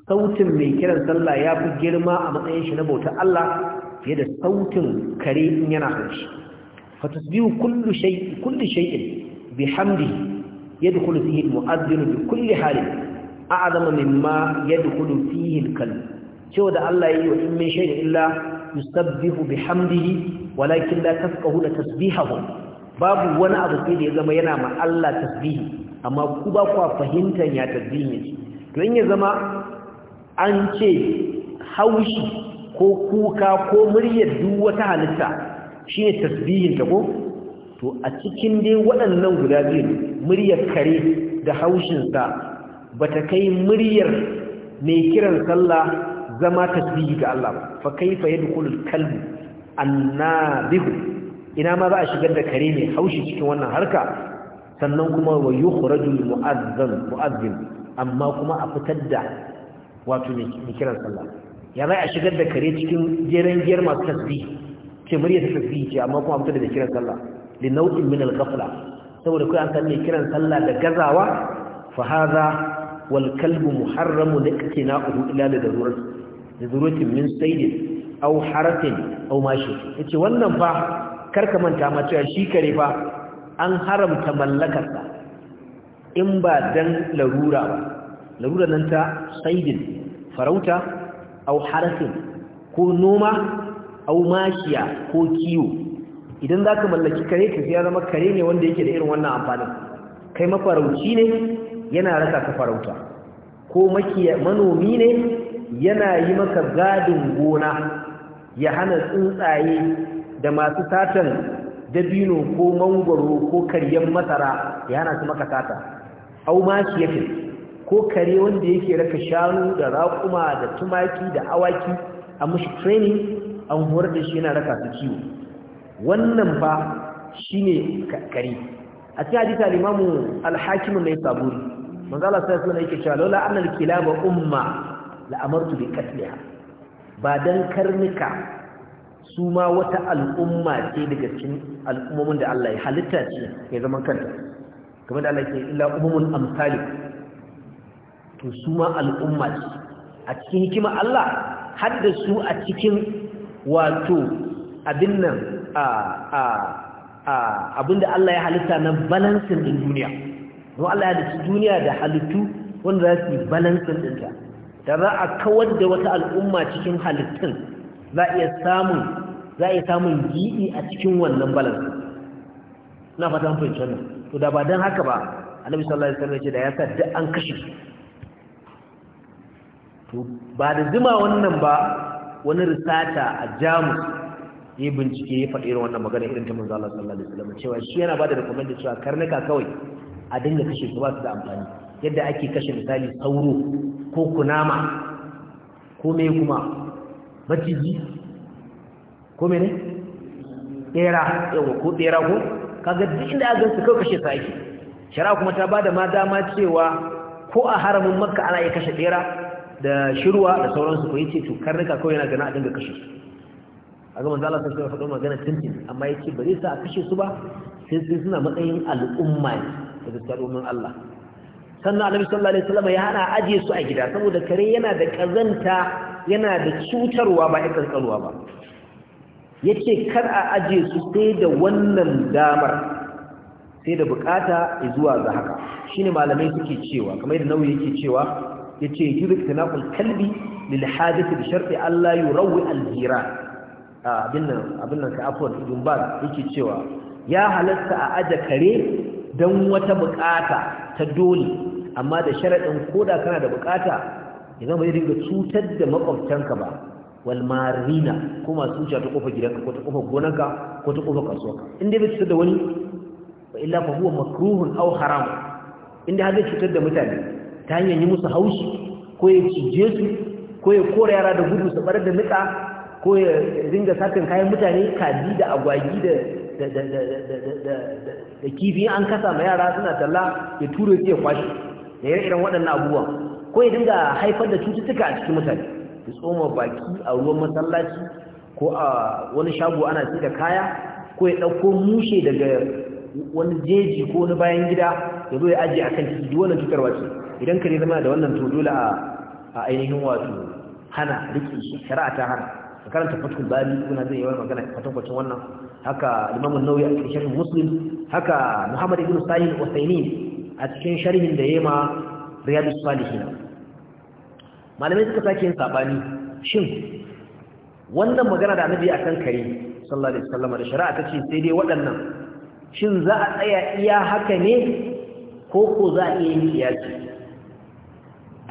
sautin mai kiran sallah ya fi girma a matsayin shi na bautar Allah fiye da sautin kare in yana haushi fa tasbihu kullu shay kullu shay'in bihamdihi yadkhulu fihi al-mu'azzin bi kulli halin a'zama mimma yadkhulu fihi al-qalb cewa da Allah yayi wa in min shay'in illa yusabbihu bihamdihi walakin la la tasbihahu babu wani abu sai da ya zama yana ma Allah tasbihi amma ku ba ku fahimtar ya tasbihi to in ya zama an ce haushi ko kuka ko muryar duk wata halitta shine tasbihin ta ko to a cikin dai waɗannan guda biyu muryar kare da haushinsa bata kai muryar mai kiran sallah zama tasbihi ga Allah ba. fa kaifa yadkhulul kalbu annabihu ina ma ba a shigar da kare mai haushi cikin wannan harka sannan kuma wa yukhrajul mu'azzin mu'azzin amma kuma a fitar da wato mai kiran sallah ya za a shigar da kare cikin jeren giyar masu tasbihi ce muryar tasbihi ce amma kuma a fitar da kiran sallah li nau'in min al-ghafla saboda kai an san mai kiran sallah da gazawa fa hadha wal kalbu muharramu liqtina'uhu illa li darurat da daruratin min saydin aw haratin aw mashi yace wannan fa karka manta ma cewa shi kare fa an haramta mallakarsa in ba dan larura ba larura nan ta saidin, farauta aw haratin ko noma aw mashiya ko kiwo idan zaka mallaki kare ka ya zama kare ne wanda yake da irin wannan amfanin kai mafarauci ne yana rasa ka farauta ko manomi ne yana yi maka gadin gona ya hana tsuntsaye da masu satan dabino ko mangwaro ko karyen masara ya hana su maka sata au shi yake ko kare wanda yake raka shanu da raƙuma da tumaki da awaki a mashi training an horar da shi yana raka su kiwo wannan ba shine kare a cikin hadisi al-imamu al-hakim mai saburi manzo Allah sai sunan yake cewa laula annal kilaba umma la amartu bi qatliha ba dan karnuka su ma wata al'umma ce daga cikin al'ummomin da Allah ya halitta ce ya zaman kanta kamar da Allah ke illa ummun amsali to su ma al'umma ce a cikin hikima Allah har da su a cikin wato abin nan a a abinda Allah ya halitta na balansin din duniya don Allah ya dace duniya da halittu wanda za su yi balansin ɗinta da za a kawar da wata al'umma cikin halittun za a iya samun za a iya samun gidi a cikin wannan balansin na fata an fahimci wannan to da ba don haka ba annabi sallallahu alaihi wasallam ce da ya sa duk an kashe to ba da zuma wannan ba wani risata a jamus ya bincike ya faɗi irin wannan magana irin ta manzo Allah sallallahu alaihi wasallam cewa shi yana bada recommendation cewa karnuka kawai a dinga kashe su ba su da amfani yadda ake kashe misali sauro ko kunama ko me kuma maciji ko ne? Ɗera. yawa ko bera ko kaga duk inda aka gansu kawai kashe su ake shari'a kuma ta bada ma dama cewa ko a haramin makka ana kashe ɗera da shirwa da sauransu ko yace to karnuka kawai yana gana a dinga kashe su a ga manzo Allah sai ya faɗo magana tuntun amma yace ba zai sa a kashe su ba sai sai suna matsayin al'umma ne daga tsaromin Allah sannan annabi sallallahu alaihi wasallam ya hana ajiye su a gida saboda kare yana da ƙazanta yana da cutarwa ba ikan tsaruwa ba yace kar a ajiye su sai da wannan damar sai da bukata zuwa ga haka shine malamai suke cewa kamar da nauyi yake cewa yace yurik tanaqul kalbi lil da bi sharti Allah yurawi al jira ah, abin nan abin nan ka afwan ibn baz yake cewa ya halatta a aja kare don wata bukata ta dole amma da sharaɗin koda kana da bukata ya zama zai dinga cutar da makwabtanka ba wal marina ko masu cuta ta kofa gidanka ko ta kofa gonanka ko ta kofa kasuwa inda bai cutar da wani ba illa fa huwa makruhun aw haram inda har zai cutar da mutane ta hanyar yi musu haushi ko ya cije su ko ya kora yara da gudu su barar da nika ko ya dinga sakan kayan mutane kaji da agwagi da da kifi an kasa ma yara suna talla ya ture su ya kwashi da ire irin waɗannan abubuwa ko ya dinga haifar da cututtuka a cikin mutane ya tsoma baki a ruwan masallaci ko a wani shago ana ci da kaya ko ya ɗauko mushe daga wani jeji ko wani bayan gida ya zo ya ajiye a kan ciki wannan cutarwa ce idan ka ne zama da wannan to dole a ainihin wato hana riƙe shari'a ta hana karanta fatul bari kuna zai yi magana kwatankwacin wannan haka limamun nauyi a cikin sharhin muslim haka muhammad ibn salim usaini a cikin sharhin da yema riyadus salihin malamai suka sake yin sabani shin wannan magana da annabi akan kare sallallahu alaihi wasallam da shari'a ta ce sai dai waɗannan shin za a tsaya iya haka ne ko ko za a iya yin kiyasi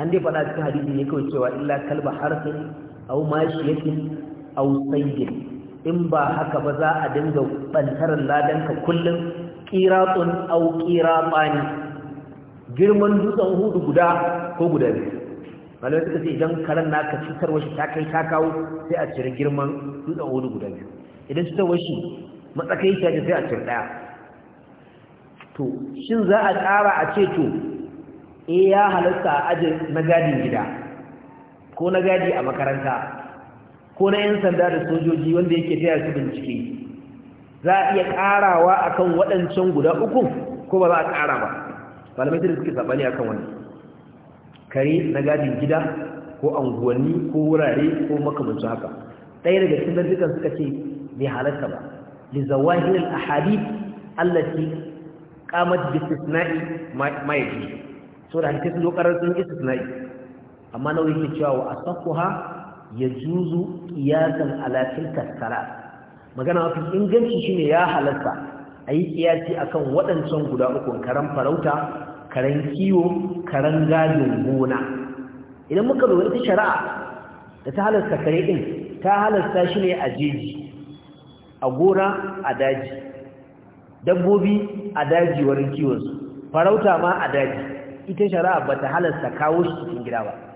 an dai faɗa cikin hadisi ne kawai cewa illa kalba harfin aw mashiyatin aw sayyin in ba haka ba za a dinga bantaran ladanka kullum qiratun aw qiratani girman dutsen hudu guda ko guda biyu malai suka ce idan karen naka cutarwa washi ta kai ta kawo sai a cire girman dutsen hudu guda biyu idan cutarwa shi ta ce sai a cire daya to shin za a ƙara a ce to eh ya halatta a ajin na gadin gida ko na gadi a makaranta ko na 'yan sanda da sojoji wanda yake taya su bincike za a iya ƙarawa akan kan waɗancan guda uku ko ba za a ƙara ba malamai da suke saɓani a kan wani kare na gadin gida ko anguwanni ko wurare ko makamancin haka ɗaya daga cikin dardukan suka ce mai halatta ba li zawahir al-ahadith allati qamat bi istisna'i ma yaji so da hankali sun zo karar sun istisna'i amma nawa ke cewa wa asaquha ya juzu ƙiyasan alatin kaskara magana mafi inganci shi ne ya halatta a yi ƙiyasi a kan waɗancan guda uku karen farauta karen kiwo karen gajin gona idan muka zo ita shari'a da ta halasta kare ɗin ta halasta shi ne a jeji a gona a daji dabbobi a daji wurin kiwonsu farauta ma a daji ita shari'a ba ta halasta kawo shi cikin gida ba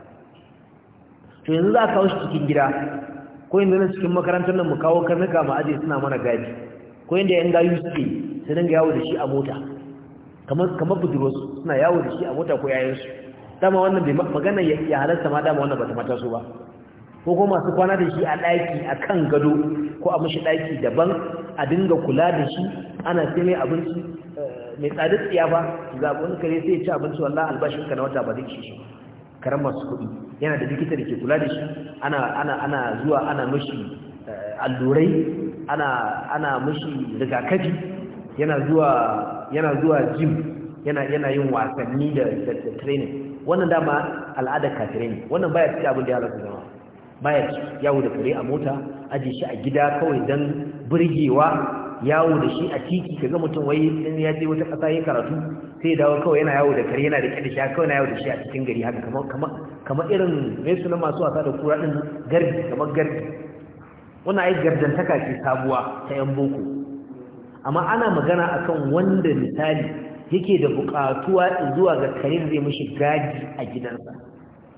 to yanzu za a kawo shi cikin gida ko yanzu nan cikin makarantar nan mu kawo karnuka mu aje suna mana gadi ko yanda yan gayu suke su dinga yawo da shi a mota kamar kamar budurwarsu suna yawo da shi a mota ko yayansu dama wannan bai magana ya halarta ma dama wannan bata mata su ba ko ko masu kwana da shi a ɗaki a kan gado ko a mashi ɗaki daban a dinga kula da shi ana sai mai abinci eh, mai tsadar tsiya ba zaɓi wani kare sai ya ci abinci wallah albashinka na wata ba zai ci shi karan masu kuɗi yana da likita da ke kula da shi ana zuwa ana mashi eh, allurai ana ana mashi rigakafi yana zuwa yana yana yin wasanni da da training wannan dama al'ada kafirai ne wannan baya cikin abin da ya lafi zama baya yawo da kare a mota ajiye shi a gida kawai don birgewa. yawo da shi a titi kaga mutum wai in ya je wata kasa ya karatu sai dawo kawai yana yawo da kare yana da kyada shi kawai yana yawo da shi a cikin gari haka kamar kamar kamar irin mai sunan masu wasa da kura din garbi kamar garbi wannan ai gardantaka ce sabuwa ta yan boko amma ana magana akan wanda misali yake da buƙatuwa zuwa ga kare zai mishi gadi a gidansa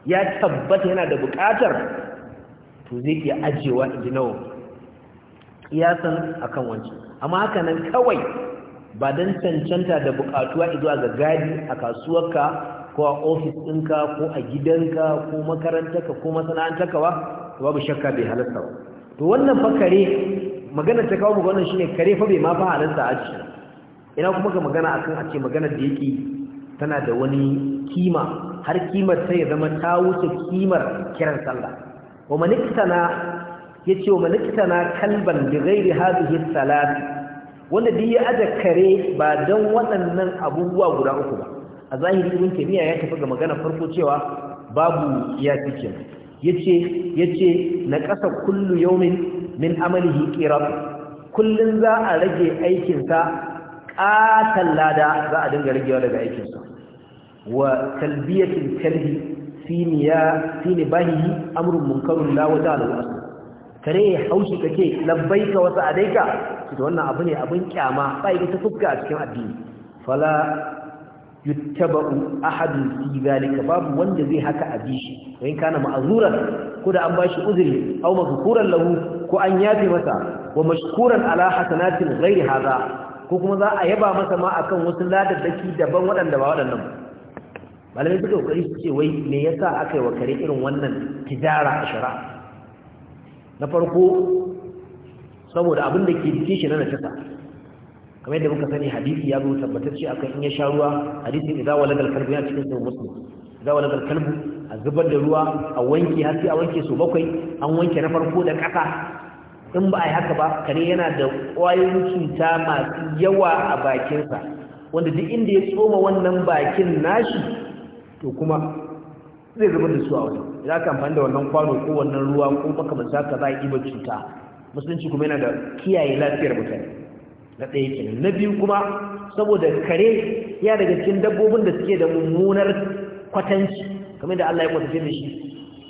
ya tabbata yana da bukatar to zai iya ajewa inji nawa kiyasan akan wancan amma haka nan kawai ba don cancanta da bukatuwa zuwa ga gadi a kasuwarka ko a ofis ɗinka ko a gidanka ko ka, ko ka ba babu shakka bai halarta ba to wannan fa kare magana ta kawo wannan shine kare fa bai ma fa halarta a cikin ina kuma ga magana akan a ce maganar da yake tana da wani kima har kimar sai ya zama ta wuce kimar kiran sallah wa man na. ce wa na kalban bi ghairi hadhihi salat wanda duk ya aje kare ba dan waɗannan abubuwa guda uku ba a zahiri ibn taymiya ya tafi ga magana farko cewa babu ya cikin yace yace na kasa kullu yaumin min amalihi qirat kullum za a rage aikin sa lada za a dinga ragewa daga aikinsa. wa talbiyatul kalbi fi niya fi nibahi munkarun la da al kare ya haushi kake labbaika wasu adaika to wannan abu ne abin kyama ba ita fuska a cikin addini fala yuttaba'u ahadun fi zalika babu wanda zai haka abishi wayin kana ma'azuran ko da an bashi uzuri aw mazkuran lahu ko an yafi masa wa mashkuran ala hasanatin ghairi hadha ko kuma za a yaba masa ma akan wasu ladaddaki daban waɗanda ba waɗannan malamai suka kokari su ce wai me yasa aka yi wa kare irin wannan tijara a shari'a na farko saboda abin da ke jikin shi na najasa kamar yadda muka sani hadisi ya zo tabbatar shi akan in ya sha ruwa hadisi idza walad al-kalbu ya cikin sa muslim idza walad al-kalbu a zubar da ruwa a wanke har sai a wanke so bakwai an wanke na farko da kasa in ba a haka ba kare yana da ƙwayoyin cuta masu yawa a bakinsa wanda duk inda ya tsoma wannan bakin nashi to kuma zai zubar da su a wata. idan aka amfani da wannan kwano ko wannan ruwa ko maka haka za a iya cuta musulunci kuma yana da kiyaye lafiyar mutane na ɗaya kenan na biyu kuma saboda kare ya daga cikin dabbobin da suke da mummunar kwatanci kamar da Allah ya kwatance da shi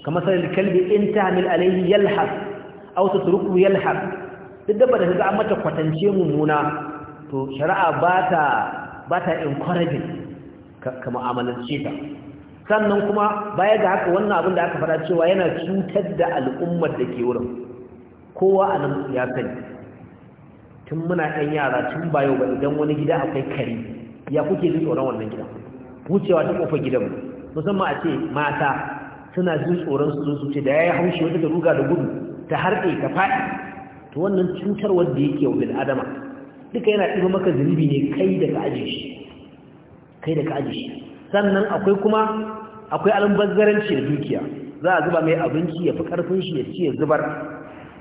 kamar sanar kalbi in tahmil alaihi yalhas aw tatruku yalhas duk dabba da ta mata kwatance mummuna to shari'a ba ta ba ta ka mu'amalance ta sannan kuma baya ga haka wannan abin da aka fara cewa yana cutar da al'ummar da ke wurin kowa a nan ya sani tun muna ɗan yara tun ba ba idan wani gida akwai kare ya kuke ji tsoron wannan gida? wucewa ta kofar gidan musamman a ce mata suna ji tsoron su su ce da ya yi haushi wata da ruga da gudu ta harɗe ka faɗi to wannan cutar wanda yake wa bil adama duka yana ɗiba maka zunubi ne kai daga ajiye shi kai daga shi sannan akwai kuma akwai albazzaranci da dukiya za a zuba mai abinci ya fi karfin shi ya ci ya zubar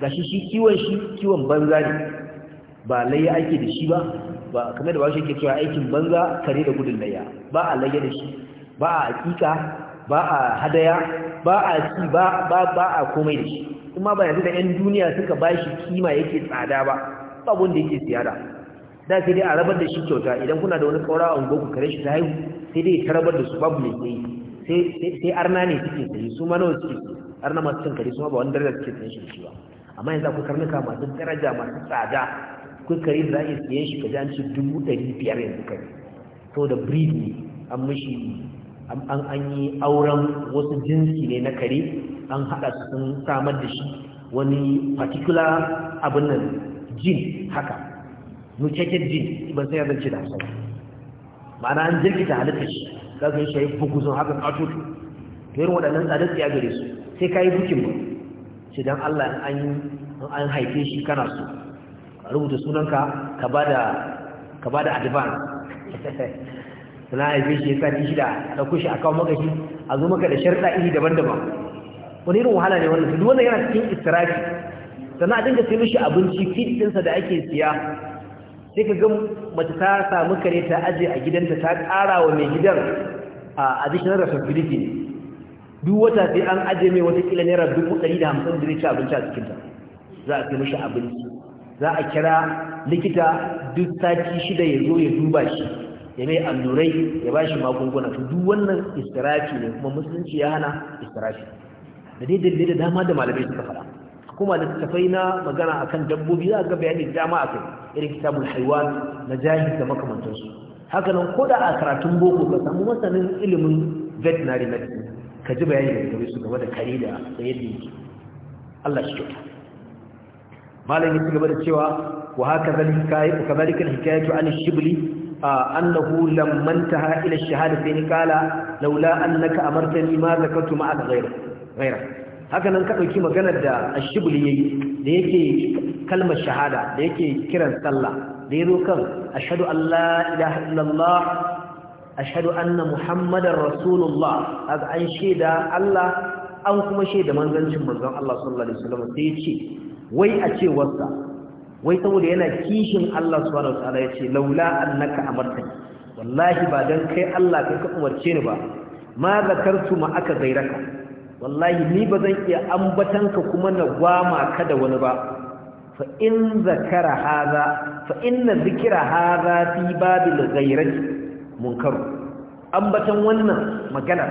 Ga shi kiwon shi kiwon banza ne ba laye ake da shi ba ba kamar da bashi ke cewa aikin banza kare da gudun layya ba a laye da shi ba a hakika ba a hadaya ba a ci ba ba ba a komai da shi kuma ba yanzu da yan duniya suka bashi kima yake tsada ba babun wanda yake siyara da sai dai a rabar da shi kyauta idan kuna da wani kaura a ungo ku kare shi ta haihu sai dai tarabar da su babu ne sai sai arna ne suke sai su ma suke arna masu cin kare su ma ba wani daraja suke sai shi ba amma yanzu akwai karnuka masu daraja masu tsada akwai kare da za a iya siyan shi ka ji an ci dubu ɗari biyar yanzu kai to da breed ne an mishi an yi auren wasu jinsi ne na kare an haɗa su sun samar da shi wani particular abin nan jin haka mutaccen jin ban sai ya zance da hausa ma'ana an jirgita halitta shi za su yi shayi bukuzun haka katoto to yin waɗannan tsadar tsaye gare su sai ka yi bukin ba sai don allah an haife shi kana so a rubuta sunanka ka ba da advance suna haife shi ya sani shi da ɗauko shi a kawo magashi a zo maka da sharɗa iri daban-daban wani irin wahala ne wanda su duwanda yana cikin istirafi sannan a dinga sai mishi abinci fit ɗinsa da ake siya sai ka ga mace ta samu kare ta aje a gidanta ta ƙara wa mai gidan a additional responsibility ne duk wata sai an aje mai wata kila naira dubu ɗari da hamsin da zai ci abinci a cikinta za a kai mashi abinci za a kira likita duk sati shida ya zo ya duba shi ya mai allurai ya ba shi magunguna to duk wannan istirafi ne kuma musulunci ya hana istirafi da dai da dama da malamai suka faɗa kuma littattafai na magana akan dabbobi za ga bayani dama akai irin kitabul haiwan na jahi da makamantarsu. haka nan ko da a karatun boko ka samu masanin ilimin veterinary medicine ka ji bayani daga gari su gaba da kare da da yadda yake Allah shi kyauta malam ya gaba da cewa wa haka zalika kadhalika alhikayatu an shibli annahu lamman taha ila shahadatayn qala laula annaka amartani ma zakatu ma'a ghayra ghayra haka nan ka ɗauki maganar da ashibuli ya yi da yake kalmar shahada da yake kiran sallah da ya zo kan ashadu allah ilaha illallah ashadu anna muhammadar rasulullah haka an shaida allah an kuma shaida manzancin manzon allah sallallahu alaihi wasallam sai ya ce wai a ce wasa wai saboda yana kishin allah subhanahu wa ta'ala ya ce laula annaka amartani wallahi ba dan kai allah kai ka umarce ni ba ma zakartu ma aka gairaka wallahi ni ba zan iya ambatanka kuma na gwama ka da wani ba fa in zakara haza fa inna zikira haza fi babil ghairati munkar ambatan wannan magana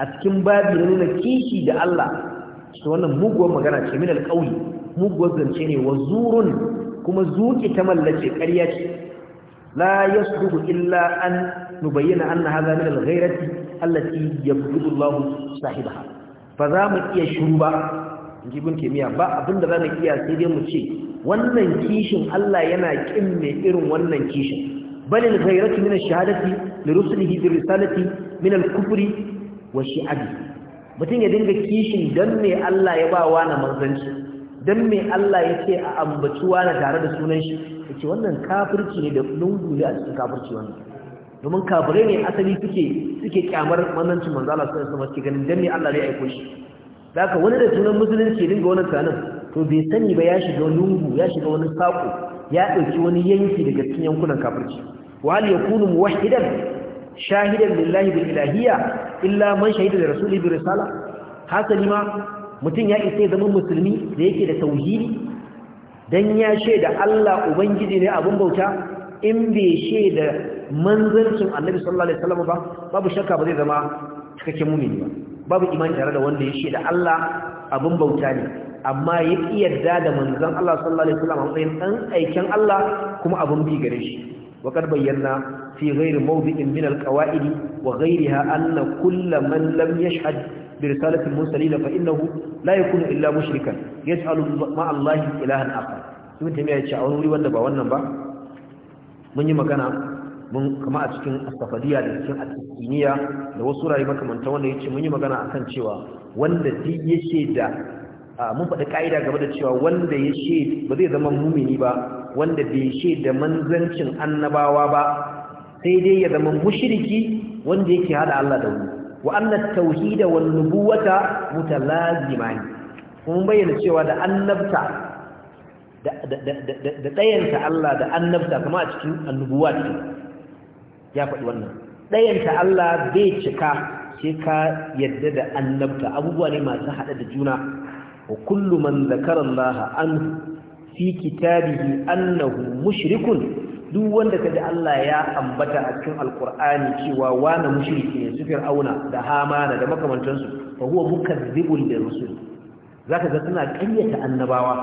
a cikin babi ne kishi da Allah to wannan muguwar magana ce min alqauli muguwar zance ne wa kuma zuki ta mallace ƙarya ce la yasdubu illa an nubayyana anna hadha min alghairati allati yabdu Allahu sahibaha ba za mu iya shiru ba inji ibn ba abinda za mu iya sai dai mu ce wannan kishin Allah yana kin mai irin wannan kishin bal al ghayrati min ash shahadati li rusulihi bi risalati min al kufri wa shi'abi mutun ya dinga kishin dan me Allah ya ba wa na manzanci dan me Allah ya ce a ambaci wa na tare da sunan shi yace wannan kafirci ne da lungu ne a cikin kafirci wannan domin kafirai ne asali suke suke kyamar manzancin manzo Allah sallallahu alaihi ganin dan ne Allah ya aiko shi haka wani da sunan musulunci dinga wannan tunanin to bai sani ba ya shiga lungu ya shiga wani sako ya dauki wani yanki daga cikin yankunan kafirci wal yakunu muwahhidan shahidan lillahi bil ilahiyya illa man shahida da rasuli bi risala hasali ma mutum ya isa zama musulmi da yake da tauhidi dan ya shaida Allah ubangiji ne abun bauta in bai shaida manzancin annabi sallallahu alaihi ba babu shakka ba zai zama cikakken mumini ba babu imani tare da wanda ya da Allah abin bauta ne amma ya yarda da manzon Allah sallallahu alaihi a matsayin ɗan aikin Allah kuma abin bi gare shi wa kad bayyana fi ghairi mawdi'in min alqawa'id wa ghayriha anna kull man lam da bi risalati mursalin fa innahu la yakunu illa mushrikan yas'alu ma Allah ilahan akhar kuma ya ce a wani ba wannan ba mun yi magana mun kama a cikin Asafadiya da cikin atikiniya da wasu rayu makamanta wanda ya ce mun yi magana akan cewa wanda duk ya mun faɗi ƙa'ida game da cewa wanda ya shaida ba zai zama mumini ba wanda bai shaida manzancin annabawa ba sai dai ya zama mushiriki wanda yake hada Allah da wani wa annat tauhida wan nubuwata mutalazimani kuma bayyana cewa da annabta da tsayanta Allah da annabta kama a cikin annubuwa ce ya faɗi wannan ɗayanta Allah bai cika sai ka yadda da annabta abubuwa ne masu haɗa da juna wa kullu man zakara Allah an fi kitabihi annahu mushrikun duk wanda kaji Allah ya ambata a cikin alkur'ani cewa wani mushriki ne su auna da hamana da makamantansu fa huwa mukazzibun da rusul zaka ga suna ƙaryata annabawa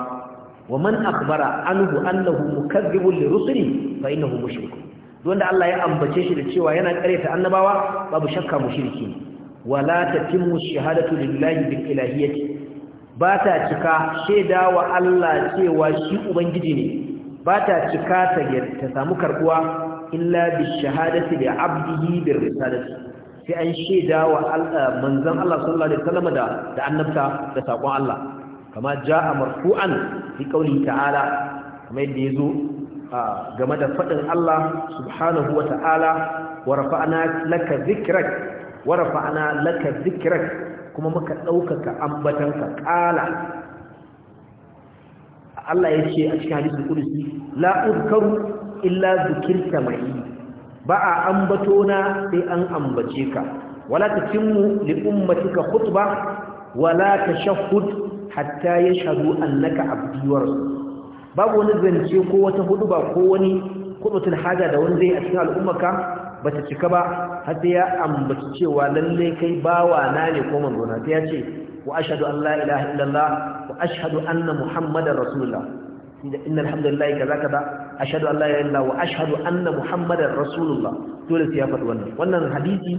wa man akhbara anhu annahu mukazzibun li rusuli fa innahu mushrikun wanda Allah ya ambace shi da cewa yana karyata annabawa babu shakka mushriki shirki. wala tatimmu shahadatu lillahi bil ilahiyyati ba ta cika sheda wa Allah cewa shi ubangiji ne ba ta cika ta ta samu karbuwa illa bi shahadati bi abdihi bir risalati sai an sheda wa eh, manzon Allah sallallahu alaihi wasallam da da annabta da sakon Allah kama jaa marfu'an fi qawli ta'ala kamar yadda yazo game da faɗin Allah subhanahu wa ta'ala wa rafa'ana laka zikrak wa laka zikrak kuma muka ɗaukaka ambatanka ƙala Allah ya ce a cikin hadisun kudusi la illa zikirta mai ba a ambato na sai an ambace ka wala tatimmu ka ummatika ba, wala shahud hatta shahu annaka abdi wa babu wani zance ko wata huduba ko wani kudutul haja da wani zai a cikin al'ummarka ba ta cika ba har sai ya ambaci cewa lalle kai bawa na ne ko manzo na sai ya ce wa ashhadu an la ilaha illallah wa ashhadu anna muhammadar rasulullah innal hamdalillah kaza kaza ashhadu an la ilaha illallah wa ashhadu anna muhammadar rasulullah dole sai ya faɗi wannan wannan hadisi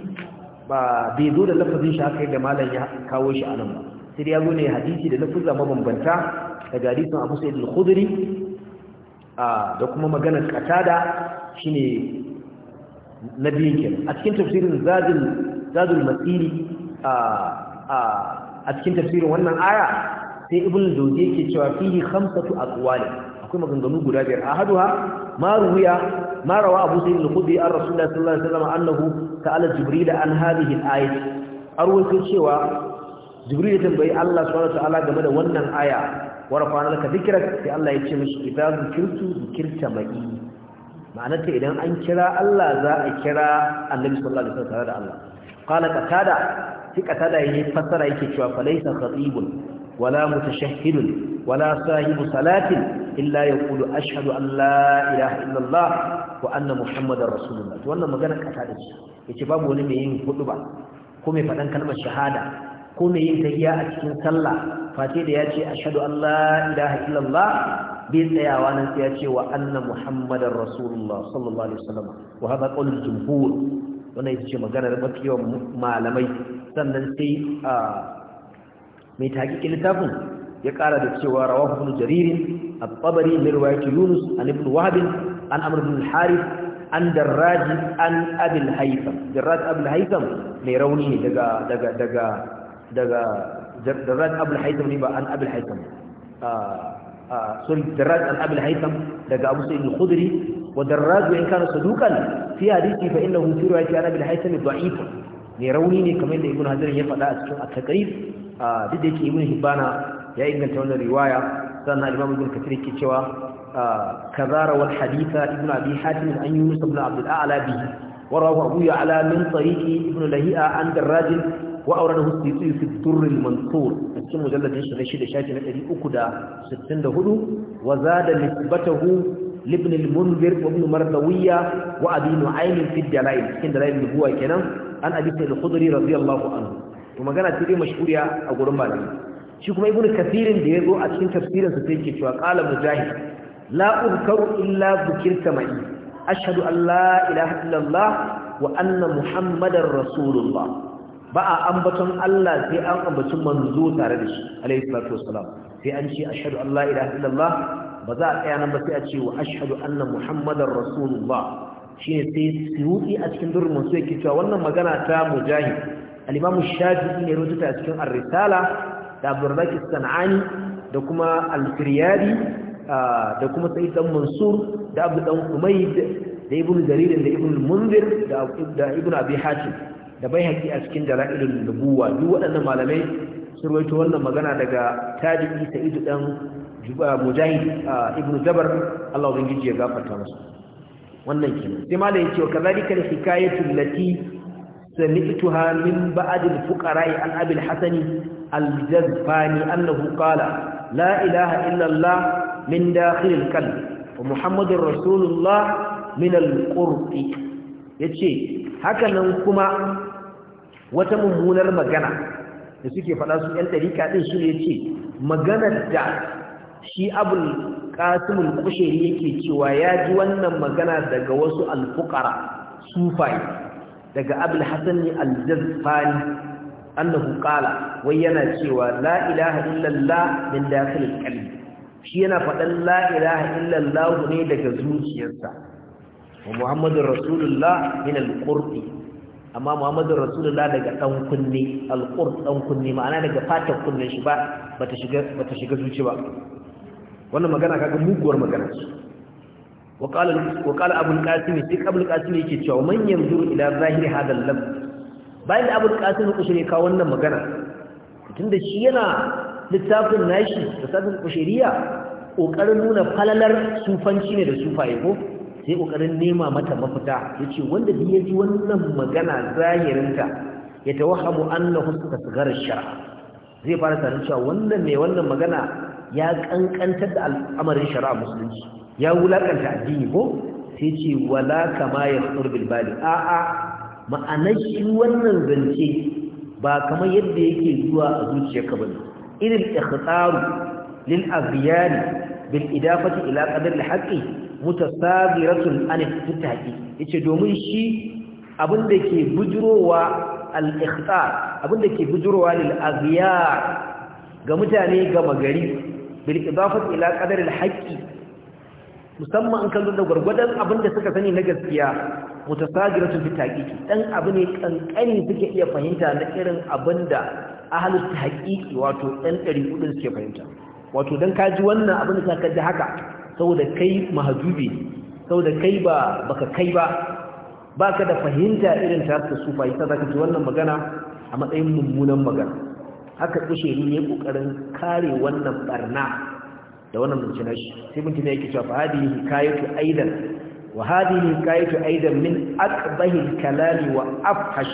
ba bai zo da lafazin shi haka da malam ya kawo shi a nan ba sai ya zo ne hadisi da lafuzza mabambanta daga hadisin Abu Sa'id al-Khudri da kuma maganar shi ne na biyun kenan a cikin tafsirin Zadul Zadul Masiri a cikin tafsirin wannan aya sai Ibn Jawzi ke cewa fiye fihi khamsatu aqwali akwai maganganu guda biyar a ma ruwiya marawa روى أبو سيد الخدري عن رسول الله صلى الله عليه وسلم أنه سأل جبريل عن هذه الآية أروي jibril ya tambayi Allah subhanahu wataala game da wannan aya wa rafa'na laka dhikrak sai Allah ya ce musu idza zikirtu zikirta mai ma'anarta idan an kira Allah za a kira annabi sallallahu alaihi wasallam da Allah qala qatada shi qatada yayi fassara yake cewa falaysa khatibun wala mutashahhidun wala sahibu salatin illa yaqulu ashhadu an la ilaha illa Allah wa anna muhammadar rasulullah wannan magana qatada ce yace babu wani mai yin hudu ba ko mai faɗan kalmar shahada ko mai yin tahiya a cikin sallah Fati da ya ce ashhadu Allah la ilaha illallah bai tsayawa nan sai ya ce wa anna muhammadar rasulullah sallallahu alaihi wasallam wa hada qaulul jumhur wannan ita ce maganar mafi yawan malamai sannan sai a mai taƙiƙin littafin ya ƙara da cewa rawahu ibn jarir at-tabari min riwayat yunus an ibn wahb an amr ibn al-harith an darraj an abi al-haytham darraj abi haytham mai rauni daga daga daga daga jarrad abul haitham ne ba an abul haitham ah, ah, sorry jarrad an abul haitham daga abu sa'id al-khudri wa darrad wa in kana saduqan fi hadithi fa innahu fi riwayati an abul haitham da'if ne rauni ne kamar da ibnu hajar ya faɗa a cikin at-taqrib ah, duk da yake ibnu hibana ya inganta wannan riwaya sannan imam ibnu kathir yake cewa كذا روى الحديث ابن أبي حاتم عن يونس بن عبد الأعلى به وراه أبو يعلى من طريق ابن لهيئة عن دراج wa auradahu sisi fi durril mansur a cikin mujalladin shi na shida shafi na hudu, wa zada nisbatahu libn al-munzir wa ibn mardawiya wa abi nu'aym fi dalail cikin dalail nubuwa kenan an abi sa'id al-khudri radiyallahu anhu to magana ce dai mashhuriya a gurin malami shi kuma ibnu kathirin da yazo a cikin tafsirinsa sai yake cewa qala mujahid la uzkaru illa dhukirta mai ashhadu an la ilaha illallah wa anna muhammadar rasulullah ba a ambaton Allah sai an ambaci manzo tare da shi alayhi salatu wassalam sai an ce ashhadu an la ilaha illallah ba za a tsaya nan ba sai a ce wa ashhadu anna muhammadar rasulullah shine sai suyuti a cikin durmin su yake cewa wannan magana ta mujahid al-imam shafi'i ne rubuta a cikin ar-risala da abdurrazzaq sanani da kuma al-firyadi da kuma sai dan mansur da abu dan umayd da ibn jarir da ibn munzir da ibn abi hatim da bai haƙi a cikin dala'ilin lubuwa duk waɗannan malamai sun rawaito wannan magana daga tabi'i saidu dan mujahid a ibn zabar allah ubangiji ya gafarta masa wannan kenan sai ma da yake wa kazalika da hikayatul lati sami'tuha min ba'dil fuqara'i hasani al-jazfani annahu qala la ilaha illa allah min dakhil al-qalb wa muhammadur rasulullah min al-qurbi yace hakanan kuma wata mummunar magana da suke faɗa su ɗan ɗarika ɗin shi ne ce maganar da shi abul kasimul kushiri yake cewa ya ji wannan magana daga wasu alfukara sufai daga abul hasani aljazfani annahu qala wai yana cewa la ilaha illallah min dakhilil qalbi shi yana faɗan la ilaha illallah ne daga zuciyarsa wa muhammadur rasulullah min alqurbi amma muhammadu rasulullah daga ɗan kunne alƙur ɗan kunne ma'ana daga fatan kunne shi ba bata shiga zuci ba wannan magana kaga muguwar magana ce wa qala abul qasim fi qabl qasim yake cewa man yanzu ila zahiri hadal lab bayan abul qasim kushiri ka wannan magana tunda shi yana littafin nashi da sadin kushiriya kokarin nuna falalar sufanci ne da sufaye ko sai ƙoƙarin nema mata mafita ce wanda ya ji wannan magana zahirinta ya tawahhamu annahu sigarar shar'a zai fara tarin cewa wannan mai wannan magana ya ƙanƙantar da al'amarin a musulunci ya wulakanta addini ko sai ce wala kama ya bil bilbali. A'a ma'anar shi wannan zance ba kamar yadda yake zuwa a ka bane irin ikhtaru lil abyani bil idafati ila qadar al haqqi mutasabiratun an ittihadi yace domin shi abinda ke bujurowa al-ikhtar abinda ke bujurowa lil aghyar ga mutane ga magari bil idafati ila qadar al-haqqi musamman an kallon da gurgurdan abinda suka sani na gaskiya mutasabiratun bil taqiqi dan abu ne kankani suke iya fahimta na irin abinda ahlus tahqiqi wato dan dari kudin suke fahimta wato dan kaji wannan abin da haka saboda kai mahajubi saboda kai ba baka kai ba baka da fahimta irin ta su sufa yasa zaka ji wannan magana a matsayin mummunan magana haka kushe ni ne kokarin kare wannan barna da wannan bincina shi sai bincina yake cewa fa hadihi kayatu aidan wa hadihi kayatu aidan min aqbahi kalali wa afhash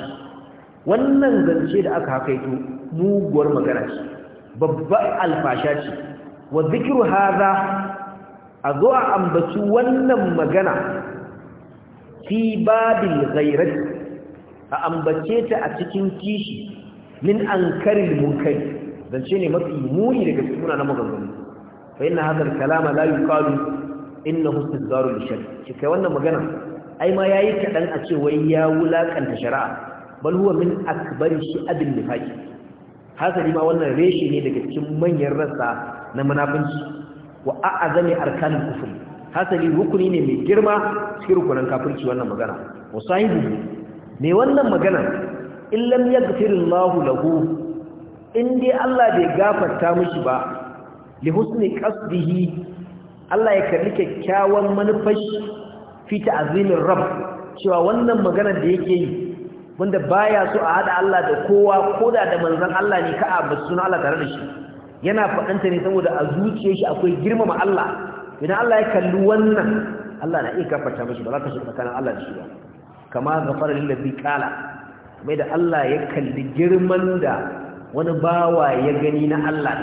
wannan zance da aka hakaito muguwar magana ce babbar alfasha ce wa zikru hadha a zo a ambaci wannan magana fi babil ghairati a ambace ta a cikin kishi min ankaril munkari zance ne mafi muni daga suna na maganganu fa inna hadha kalama la yuqalu innahu istihzaru lishar shi kai wannan magana ai ma yayi kaɗan a ce wai ya wulakanta shari'a bal min akbari shi'abil nifaqi hasali ma wannan reshe ne daga cikin manyan rasa na munafinci wa a'azami arkanin kufri hasali rukuni ne mai girma cikin rukunan kafirci wannan magana wa sahibu mai wannan magana in lam lahu in dai Allah bai gafarta mishi ba li husni qasdihi Allah ya kalli kyakkyawan manufar fi ta'zimin rabb cewa wannan magana da yake yi wanda baya so a hada Allah da kowa koda da manzon Allah ne ka abu sunan Allah tare da shi yana faɗanta ne saboda a zuciyar shi akwai girmama Allah idan Allah ya kalli wannan Allah na iya gafarta mishi ba za ta shiga tsakanin Allah da shi ba kama gafara lil bi Kala, mai da Allah ya kalli girman da wani bawa ya gani na Allah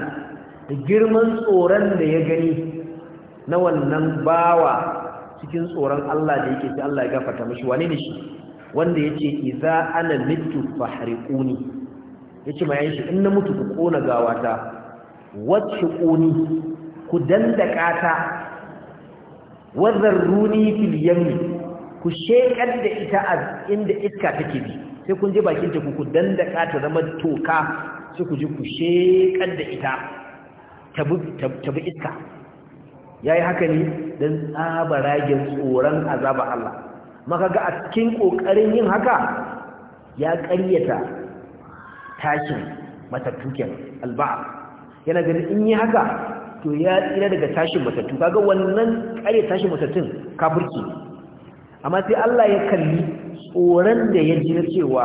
da girman tsoron da ya gani na wannan bawa cikin tsoron Allah da yake sai Allah ya gafarta mishi wane ne shi wanda yace idza ana mitu fahriquni yace mai shi in na mutu ku kona gawata wacce ƙuni ku dandaka ta wazar runi filiyamni ku shekar da ita a inda iska take bi sai kun ji bakin teku ku dandaka ta zama toka sai ku ji ku shekar da ita ta bi iska ya yi haka ne don tsabaragen tsoron azaba Allah maka ga a cikin ƙoƙarin yin haka ya ƙaryata tashin matattuken alba'a yana ganin in yi haka to ya tsira daga tashin matattu kaga wannan kare tashin matattun kafirci amma sai Allah ya kalli tsoron da ya ji na cewa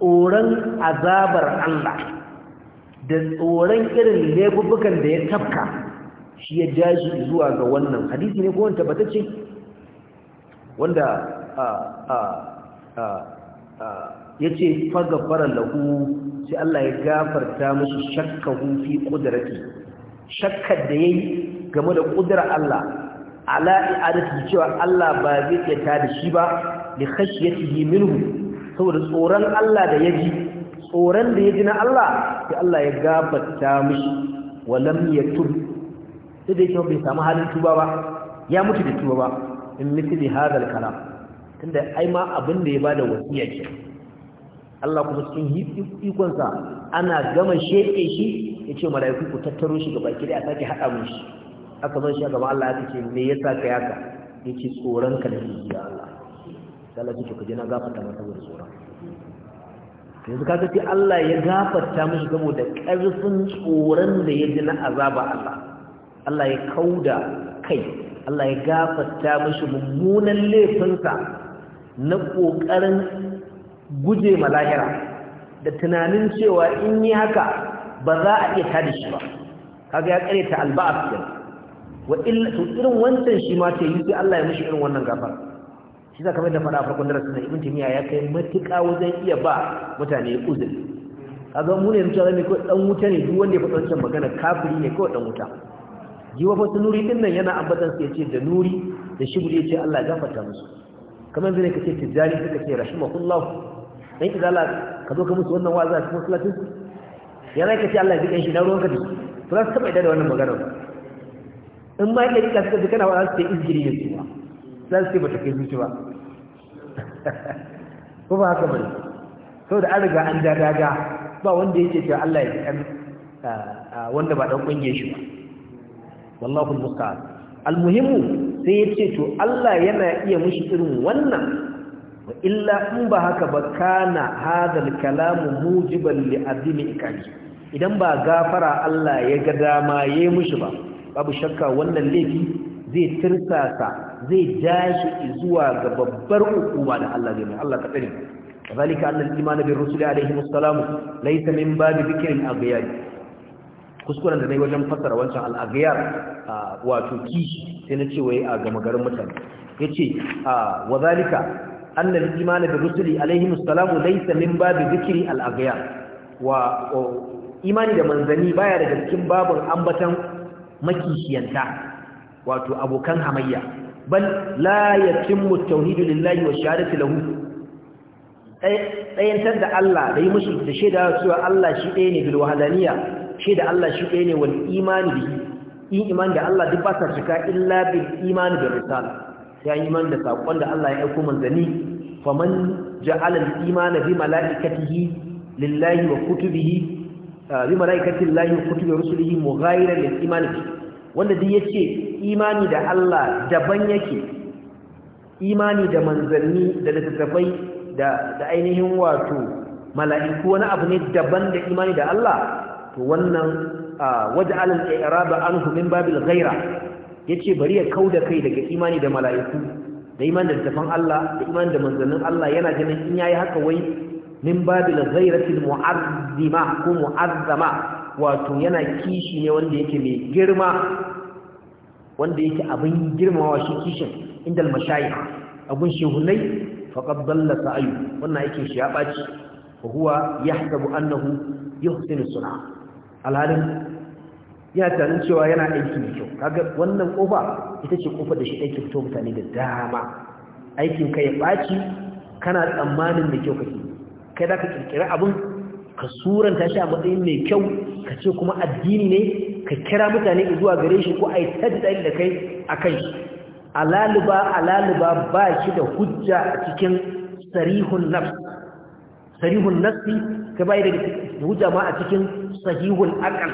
tsoron azabar Allah da tsoron irin laifukan da ya tafka shi ya jashi zuwa ga wannan hadisi ne ko wanda tabbatacce wanda a ah, ah, ah, yace faghfara lahu sai Allah ya gafarta musu shakka, hufi, qudrati shakkar da yayi game da qudrar Allah ala i'adati cewa Allah ba zai ta da shi ba ya khashyatihi minhu saboda tsoron Allah da ji, tsoron da ji na Allah sai Allah ya gafarta mishi walam yatub sai da yake bai samu halin tuba ba ya mutu da tuba ba in mithli hadal kala tunda ai ma abin da ya bada wasiya ce Allah kuma cikin ikonsa ana gama sheke shi ya ce mala'iku ku tattaro shi ga baki da a sake haɗa mun shi aka zan shi a gaba Allah ya ce me yasa ka yaka ya ce tsoron ka da ya Allah Allah ya ce ku je na gafarta masa tsoron yanzu ka ce Allah ya gafarta mishi da ƙarfin tsoron da ya ji na azaba Allah Allah ya kauda kai Allah ya gafarta mishi mummunan laifinsa na ƙoƙarin guje ma lahira da tunanin cewa in yi haka ba za a iya tada shi ba kaga ya kare ta alba'af din wa illa to irin wancan shi ma ta yi sai Allah ya mishi irin wannan gafara shi zaka mai da fara farkon darasin da Ibn Taymiyyah ya kai matuƙa wajen iya ba mutane uzuri kaga mu ne mutane ne ko dan wuta ne duk wanda ya faɗa wannan magana kafiri ne ko dan wuta jiwa fa nuri din nan yana ambatan sai yace da nuri da shibri yace Allah ya gafarta musu kamar zai kace tijari kace ce rahimahullahu dan Allah ka zo ka musu wannan wa'azi a cikin salatin ya zai ka ce Allah ya bi shi na ruwan ka duk ba za su taɓa idan da wannan magana ba in ma yadda rika suka kana ba za su izgiri ne su ba za su ce ba ta kai zuciya ba ko ba haka bane da an riga an ja daga ba wanda yake cewa Allah ya kan wanda ba dan kungiyar shi ba wallahu Al muhimu sai yace to Allah yana iya mushi irin wannan wa illa in ba haka ba kana hadal kalamu mujiban li azimi ikali idan ba gafara Allah ya ga dama yayi mushi ba babu shakka wannan laifi zai tirsasa zai dashi zuwa ga babbar hukuma da Allah zai mai Allah ka tsare kazalika annal iman bi rusuli alaihi wassalamu laysa min babi dhikrin aghyar kuskuren da nayi wajen fassara wancan al-aghyar wato kishi sai na ce wai a gama garin mutane yace a wazalika. annal iman bi rusuli alaihi assalamu laysa min babi dhikri al da manzani baya daga cikin babun ambatan makishiyanta wato abokan hamayya bal la yatimmu tauhidu lillahi wa shahadatu lahu tsayantar da Allah da yi musu da cewa Allah shi ɗaya ne bil wahadaniya shaida Allah shi ɗaya ne wal imani bihi da Allah duk cika illa bil sai an iman da sakon da Allah ya aiko manzani faman ja'ala al-iman bi malaikatihi lillahi wa kutubihi bi malaikati llahi wa kutubi rusulihi mughayiran lil iman wanda dai yace imani da Allah daban yake imani da manzanni da littattafai da da ainihin wato mala'iku wani abu ne daban da imani da Allah to wannan waja'ala al-i'raba anhu min babil ghaira yace bari ya kauda kai daga imani da mala'iku da iman da littafan Allah da iman da manzannin Allah yana ganin in yayi haka wai min babil ghairatil mu'azzima ko mu'azzama wato yana kishi ne wanda yake mai girma wanda yake abin girmawa shi kishin inda al-mashayikh abun shehunai faqad dalla sa'yu wannan yake shi ya baci fa huwa yahsabu annahu yuhsinu sun'a alhalin yana tunanin cewa yana aiki da kyau kaga wannan kofa ita ce kofa da shi aiki fito mutane da dama aikin ka ya baci kana tsammanin da kyau kake kai da ka kirkira abun ka suranta shi a matsayin mai kyau ka ce kuma addini ne ka kira mutane zuwa gare shi ko a yi da kai a kai alaluba alaluba ba shi da hujja a cikin sarihun nafs sarihun nafsi ka bai da hujja ma a cikin sahihun aqal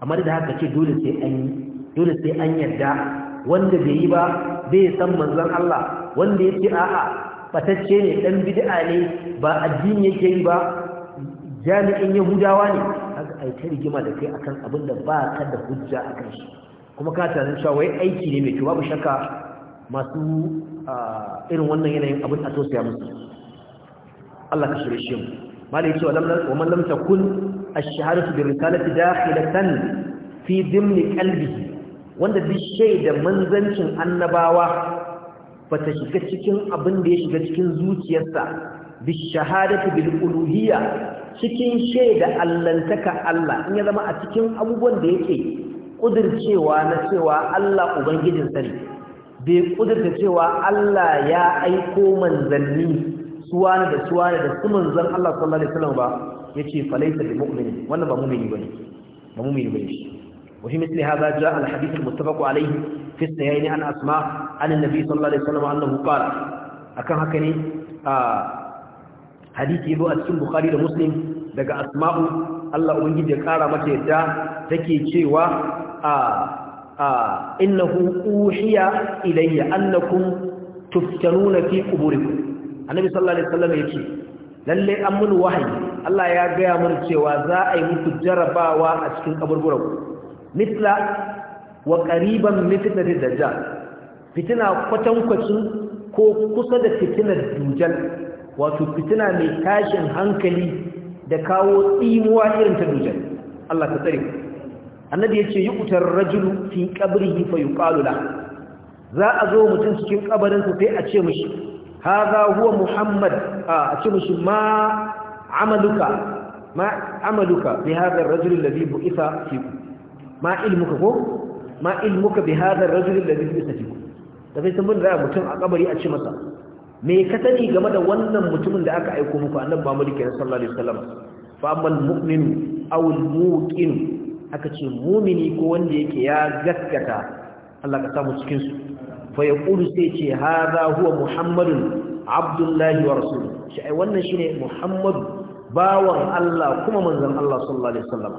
amma da haka ce dole sai an yi dole sai an yarda wanda bai yi ba bai san manzon Allah wanda yake a'a batacce ne dan bid'a ne ba addini yake yi ba jami'in yahudawa ne haka ai ta rigima da kai akan abin da ba ka da hujja akan shi kuma ka tare cewa wai aiki ne mai kyau babu shakka masu irin wannan yanayin abin a sosiya musu Allah ka shirye shi mu malai cewa lam wa lam takun الشهادة بالرسالة داخلة في ضمن قلبه wanda duk shaida manzancin annabawa bata shiga cikin abin da ya shiga cikin zuciyarsa bi shahadatu bil uluhiyya cikin shaida allantaka Allah in ya zama a cikin abubuwan da yake kudircewa na cewa Allah ubangijin ne bai kudirta cewa Allah ya aiko manzanni suwana da suwana da su manzan Allah sallallahu alaihi wasallam ba ya ce falaita da mu'mini wannan ba mumini ba ne ba ba ne shi wahi misli ha za ji a alhadisun mutabaku alaihi fista ya yi ne an asma an sallallahu alaihi sallama annahu kala a kan haka ne a hadisi ya a cikin bukari da muslim daga asma'u allah ubangiji ya kara mata yadda take cewa a a innahu uhiya ilayya annakum tuftanuna fi quburikum annabi sallallahu alaihi sallama yake lalle an mun wahayi Allah ya gaya mana cewa za a yi muku jarabawa a cikin kaburburan mitla wa qariban mitla da dajjal fitina kwatankwacin ko kusa da fitinar dujal wato fitina mai tashin hankali da kawo tsimuwa irin ta dujal Allah ka tsare annabi yace yuqtar rajulu fi qabrihi fa yuqalu la za a zo mutum cikin kabarin sai a ce mishi hadha huwa muhammad a ce mishi ma amaluka ma amaluka bi hadha ar-rajul alladhi bu'itha fikum ma ilmuka ko ma ilmuka bi hadha ar-rajul alladhi bu'itha fikum da sai tambun da mutum a kabari a ce masa me ka sani game da wannan mutumin da aka aika muku annabi ba mulki sallallahu alaihi wasallam fa amman mu'minu aw al-muqin aka ce mu'mini ko wanda yake ya gaskata Allah ka samu cikin su fa yaqulu sai ce hadha huwa muhammadun abdullahi wa rasuluhu shi ai wannan shine muhammadu bawan Allah kuma manzon Allah sallallahu alaihi wasallam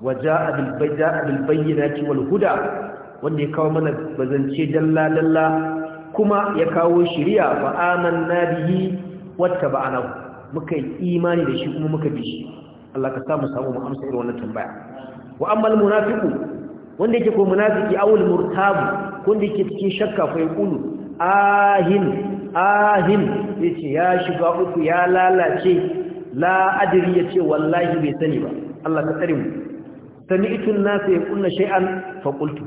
waja'a bil bayda bil huda wanda ya kawo mana bazance dalla dalla kuma ya kawo shari'a fa amanna bihi wattaba'nahu muka yi imani da shi kuma muka bi shi Allah ka samu samu mu amsa irin wannan tambaya wa ammal munafiqu wanda yake ko munafiki awul murtabu wanda yake cikin shakka fa yaqulu ahin ahin yace ya shiga uku ya lalace la adri yace wallahi bai sani ba Allah ka tsare mu sami'tu an-nas kunna shay'an fa qultu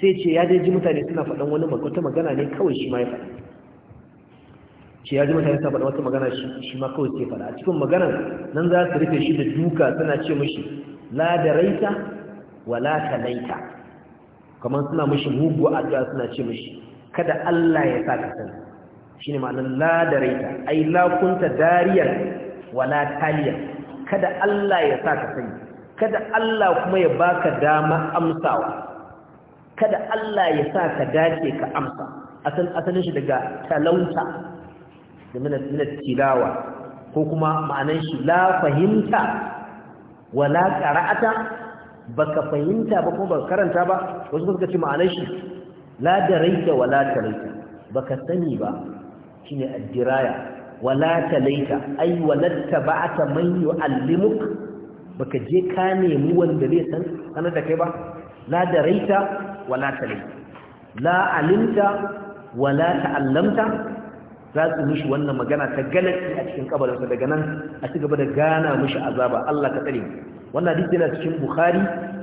sai ce ya ji mutane suna faɗan wani magana magana ne kawai shi ma ya faɗa ce ya ji mutane suna faɗan wata magana shi ma kawai sai faɗa a cikin maganar nan za su rufe shi da duka suna ce mishi la daraita raita wa la talaita kamar suna mishi mugu ga suna ce mishi kada Allah ya sa ka sani shine ma'anar la daraita raita ai la kunta dariyar wala taliya kada Allah ya sa ka sani kada Allah kuma ya baka dama amsawa kada Allah ya sa ka dace ka amsa asal asalin shi daga talauta da tilawa ko kuma ma'anan shi la fahimta wala qara'ata baka fahimta ba kuma baka karanta ba wasu suka ce ma'anar shi la daraita wala taraita baka sani ba shine addiraya wala talaita ai walatta ba'ata man yu'allimuk baka je ka nemi wanda zai san sanar da kai ba la daraita wala talaita la alimta wala ta'allamta za su mishi wannan magana ta galaci a cikin kabarinsa daga nan a ci gaba da gana mishi azaba Allah ka tsare wannan hadisi yana cikin Bukhari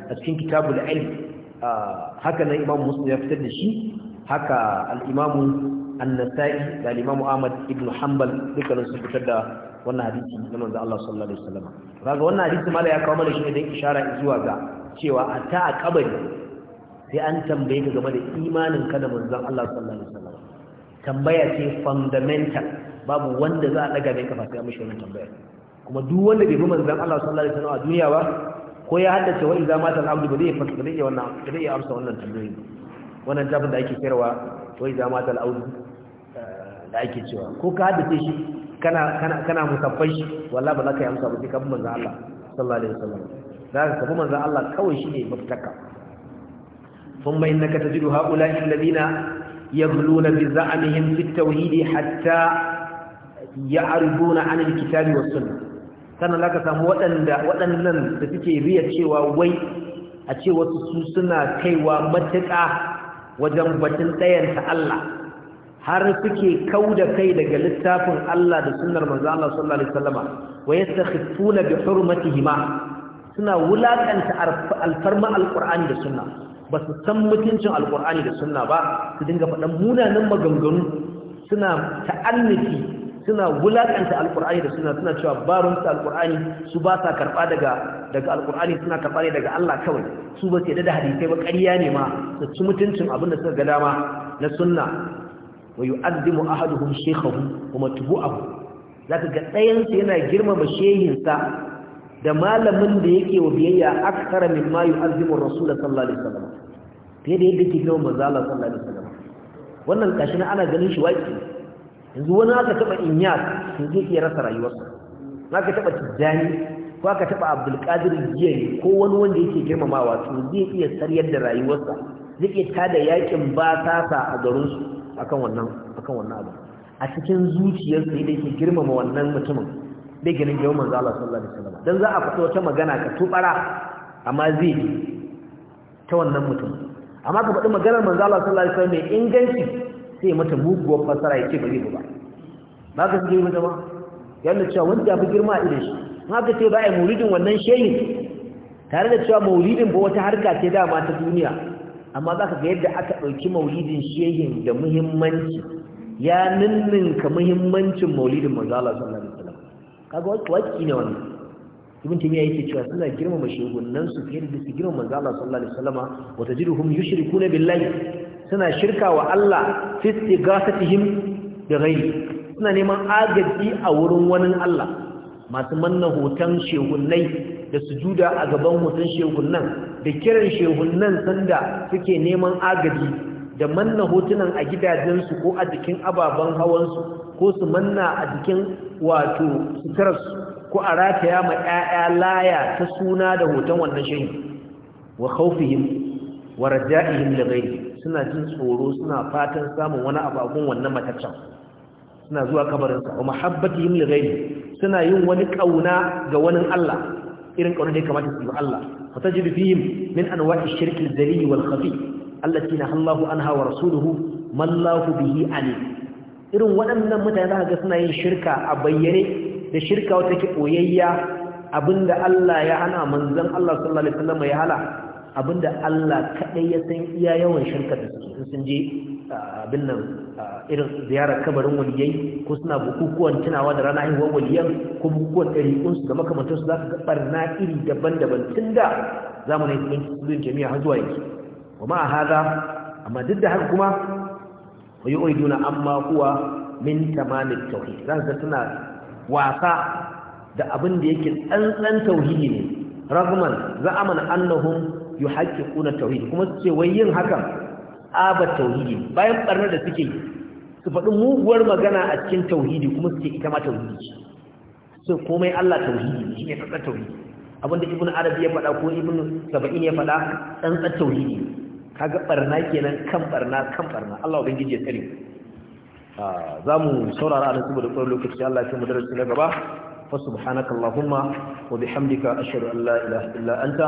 a cikin kitabul ilm ah, haka nan Imam Muslim ya fitar da shi haka al-Imam annasa'i da Imam Ahmad ibn Hanbal dukkanin su fitar da wannan hadisi na manzo Allah sallallahu alaihi wasallam kaga wannan hadisi mala ya kawo mana shi ne dan ishara zuwa ga cewa a ta a kabari sai an tambaye ka game da imanin ka da manzo Allah sallallahu alaihi wasallam tambaya ce fundamental babu wanda za a daga mai kafa sai mishi wannan tambaya kuma duk wanda bai bi manzo Allah sallallahu alaihi wasallam a duniya ba ko ya haddace wa idza mata al-abdu ba zai fasa ba zai wannan ba zai amsa wannan tambayoyi wannan tafin da ake kirwa wai za mata al'audu eh, da ake cewa ko ka haddace shi kana kana kana musaffai shi wallahi ba za ka yi amsa ba sai ka bi manzon Allah sallallahu alaihi wasallam za ka bi manzon Allah kawai shi ne mafitaka ثم إنك تجد هؤلاء الذين يغلون بزعمهم في التوحيد حتى يعرضون عن الكتاب والسنة sannan za ka samu waɗannan da suke riya cewa wai a ce wasu su suna kaiwa matuƙa wajen batun ɗayanta Allah har suke kau da kai daga littafin Allah da sunar manzo Allah sallallahu alaihi wasallama wa yastakhifuna bi hima, suna wulaƙanta alfarma alƙur'ani da sunna ba su san mutuncin alƙur'ani da sunna ba su dinga faɗan munanan maganganu suna ta'anniki suna wulakanta Alƙur'ani da suna suna cewa barun su Alƙur'ani su ba sa karɓa daga daga alkur'ani suna karɓa ne daga Allah kawai su ba su da hadisai ba ƙarya ne ma su ci mutuncin abin da suka ga dama na sunna wa yu'azzimu ahaduhum shaykhahu wa matbu'ahu zaka ga ɗayan su yana girmama sa da malamin da yake wa biyayya akthara mimma yu'azzimu rasul sallallahu alaihi wasallam fiye da yadda yake girmama manzo Allah sallallahu alaihi wasallam wannan kashi ana ganin shi waƙi yanzu wani aka taba inyas to zai iya rasa rayuwarsa Na aka taba tijjani ko aka taba abdulkadir jiyari ko wani wanda yake girmamawa to zai iya sariyar da rayuwarsa zai iya tada yakin ba tasa a garinsu akan wannan akan wannan abu a cikin zuciyarsa da yake girmama wannan mutumin bai ganin gaban manzo Allah sallallahu alaihi wasallam dan za a fito wata magana ka tubara amma zai ta wannan mutum amma ka faɗi maganar manzo Allah sallallahu alaihi wasallam mai inganci sai mata muguwar fasara ya ce ba ba ba ka suke mata ba yadda cewa wanda ya fi girma a idan shi ma ka ce ba a yi maulidin wannan shehin tare da cewa maulidin ba wata harka ce dama ta duniya amma za ka ga yadda aka ɗauki maulidin shehin da muhimmanci ya ninninka muhimmancin maulidin manzo sallallahu alaihi wasallam kaga waki ne wannan ibn timiya yake cewa suna girmama shegunan su fiye da su girmama manzo Allah sallallahu alaihi wasallama wa tajiduhum yushrikuna billahi suna shirka wa Allah fi gasatihim da gairi suna neman agaji a wurin wani Allah masu manna hoton shehunnai da sujuda a gaban hoton shehunnan da kiran shehunnan sanda suke neman agaji da manna hotunan a gidajensu ko a jikin ababen hawansu ko su manna a jikin wato sutararsu ko a rataya ma 'ya'ya laya ta suna da hoton wannan shehun wa khawfihim wa raja'ihim li ghayri suna jin tsoro suna fatan samun wani abu a gun wannan suna zuwa kabarin sa wa mahabbatihim li ghayri suna yin wani kauna ga wani Allah irin kauna da ya kamata su yi Allah fa tajidu fihim min anwa'i shirk al-zali wal khafi allati nahallahu anha wa rasuluhu mallahu bihi alim irin waɗannan mutane za ga suna yin shirka a bayyane da shirka wata ke koyayya abinda Allah ya hana manzon Allah sallallahu alaihi wasallam ya hala abinda Allah kaɗai ya san iya yawan shirka da su sun je abin nan irin ziyarar kabarin waliyai ko suna bukukuwan tunawa da rana haihuwar waliyan ko bukukuwan ɗari'unsu da makamantarsu za ka ga ɓarna iri daban-daban tun da zamanin tsibirin jami'a har zuwa yanzu wa ma haza amma duk da haka kuma wa yi na. amma kuwa min tamamin tauhid za suna wasa da abin da yake tsantsan tauhidi ne ragman mana annahum kuna tauhid kuma su ce wai yin hakan aba tauhidi bayan barnar da suke su faɗi muguwar magana a cikin tauhidi kuma su ce ita ma tauhidi so komai Allah tauhidi shi ne tsantsar tauhidi abinda ibnu arabi ya faɗa ko ibnu saba'in ya faɗa tsantsar tauhidi kaga barna kenan kan barna kan barna Allah ubangiji ya tsare ah, za mu saurara a nan saboda kwarar lokaci Allah ya mu darasi na gaba fa subhanakallahumma wa bihamdika ashhadu an la ilaha illa anta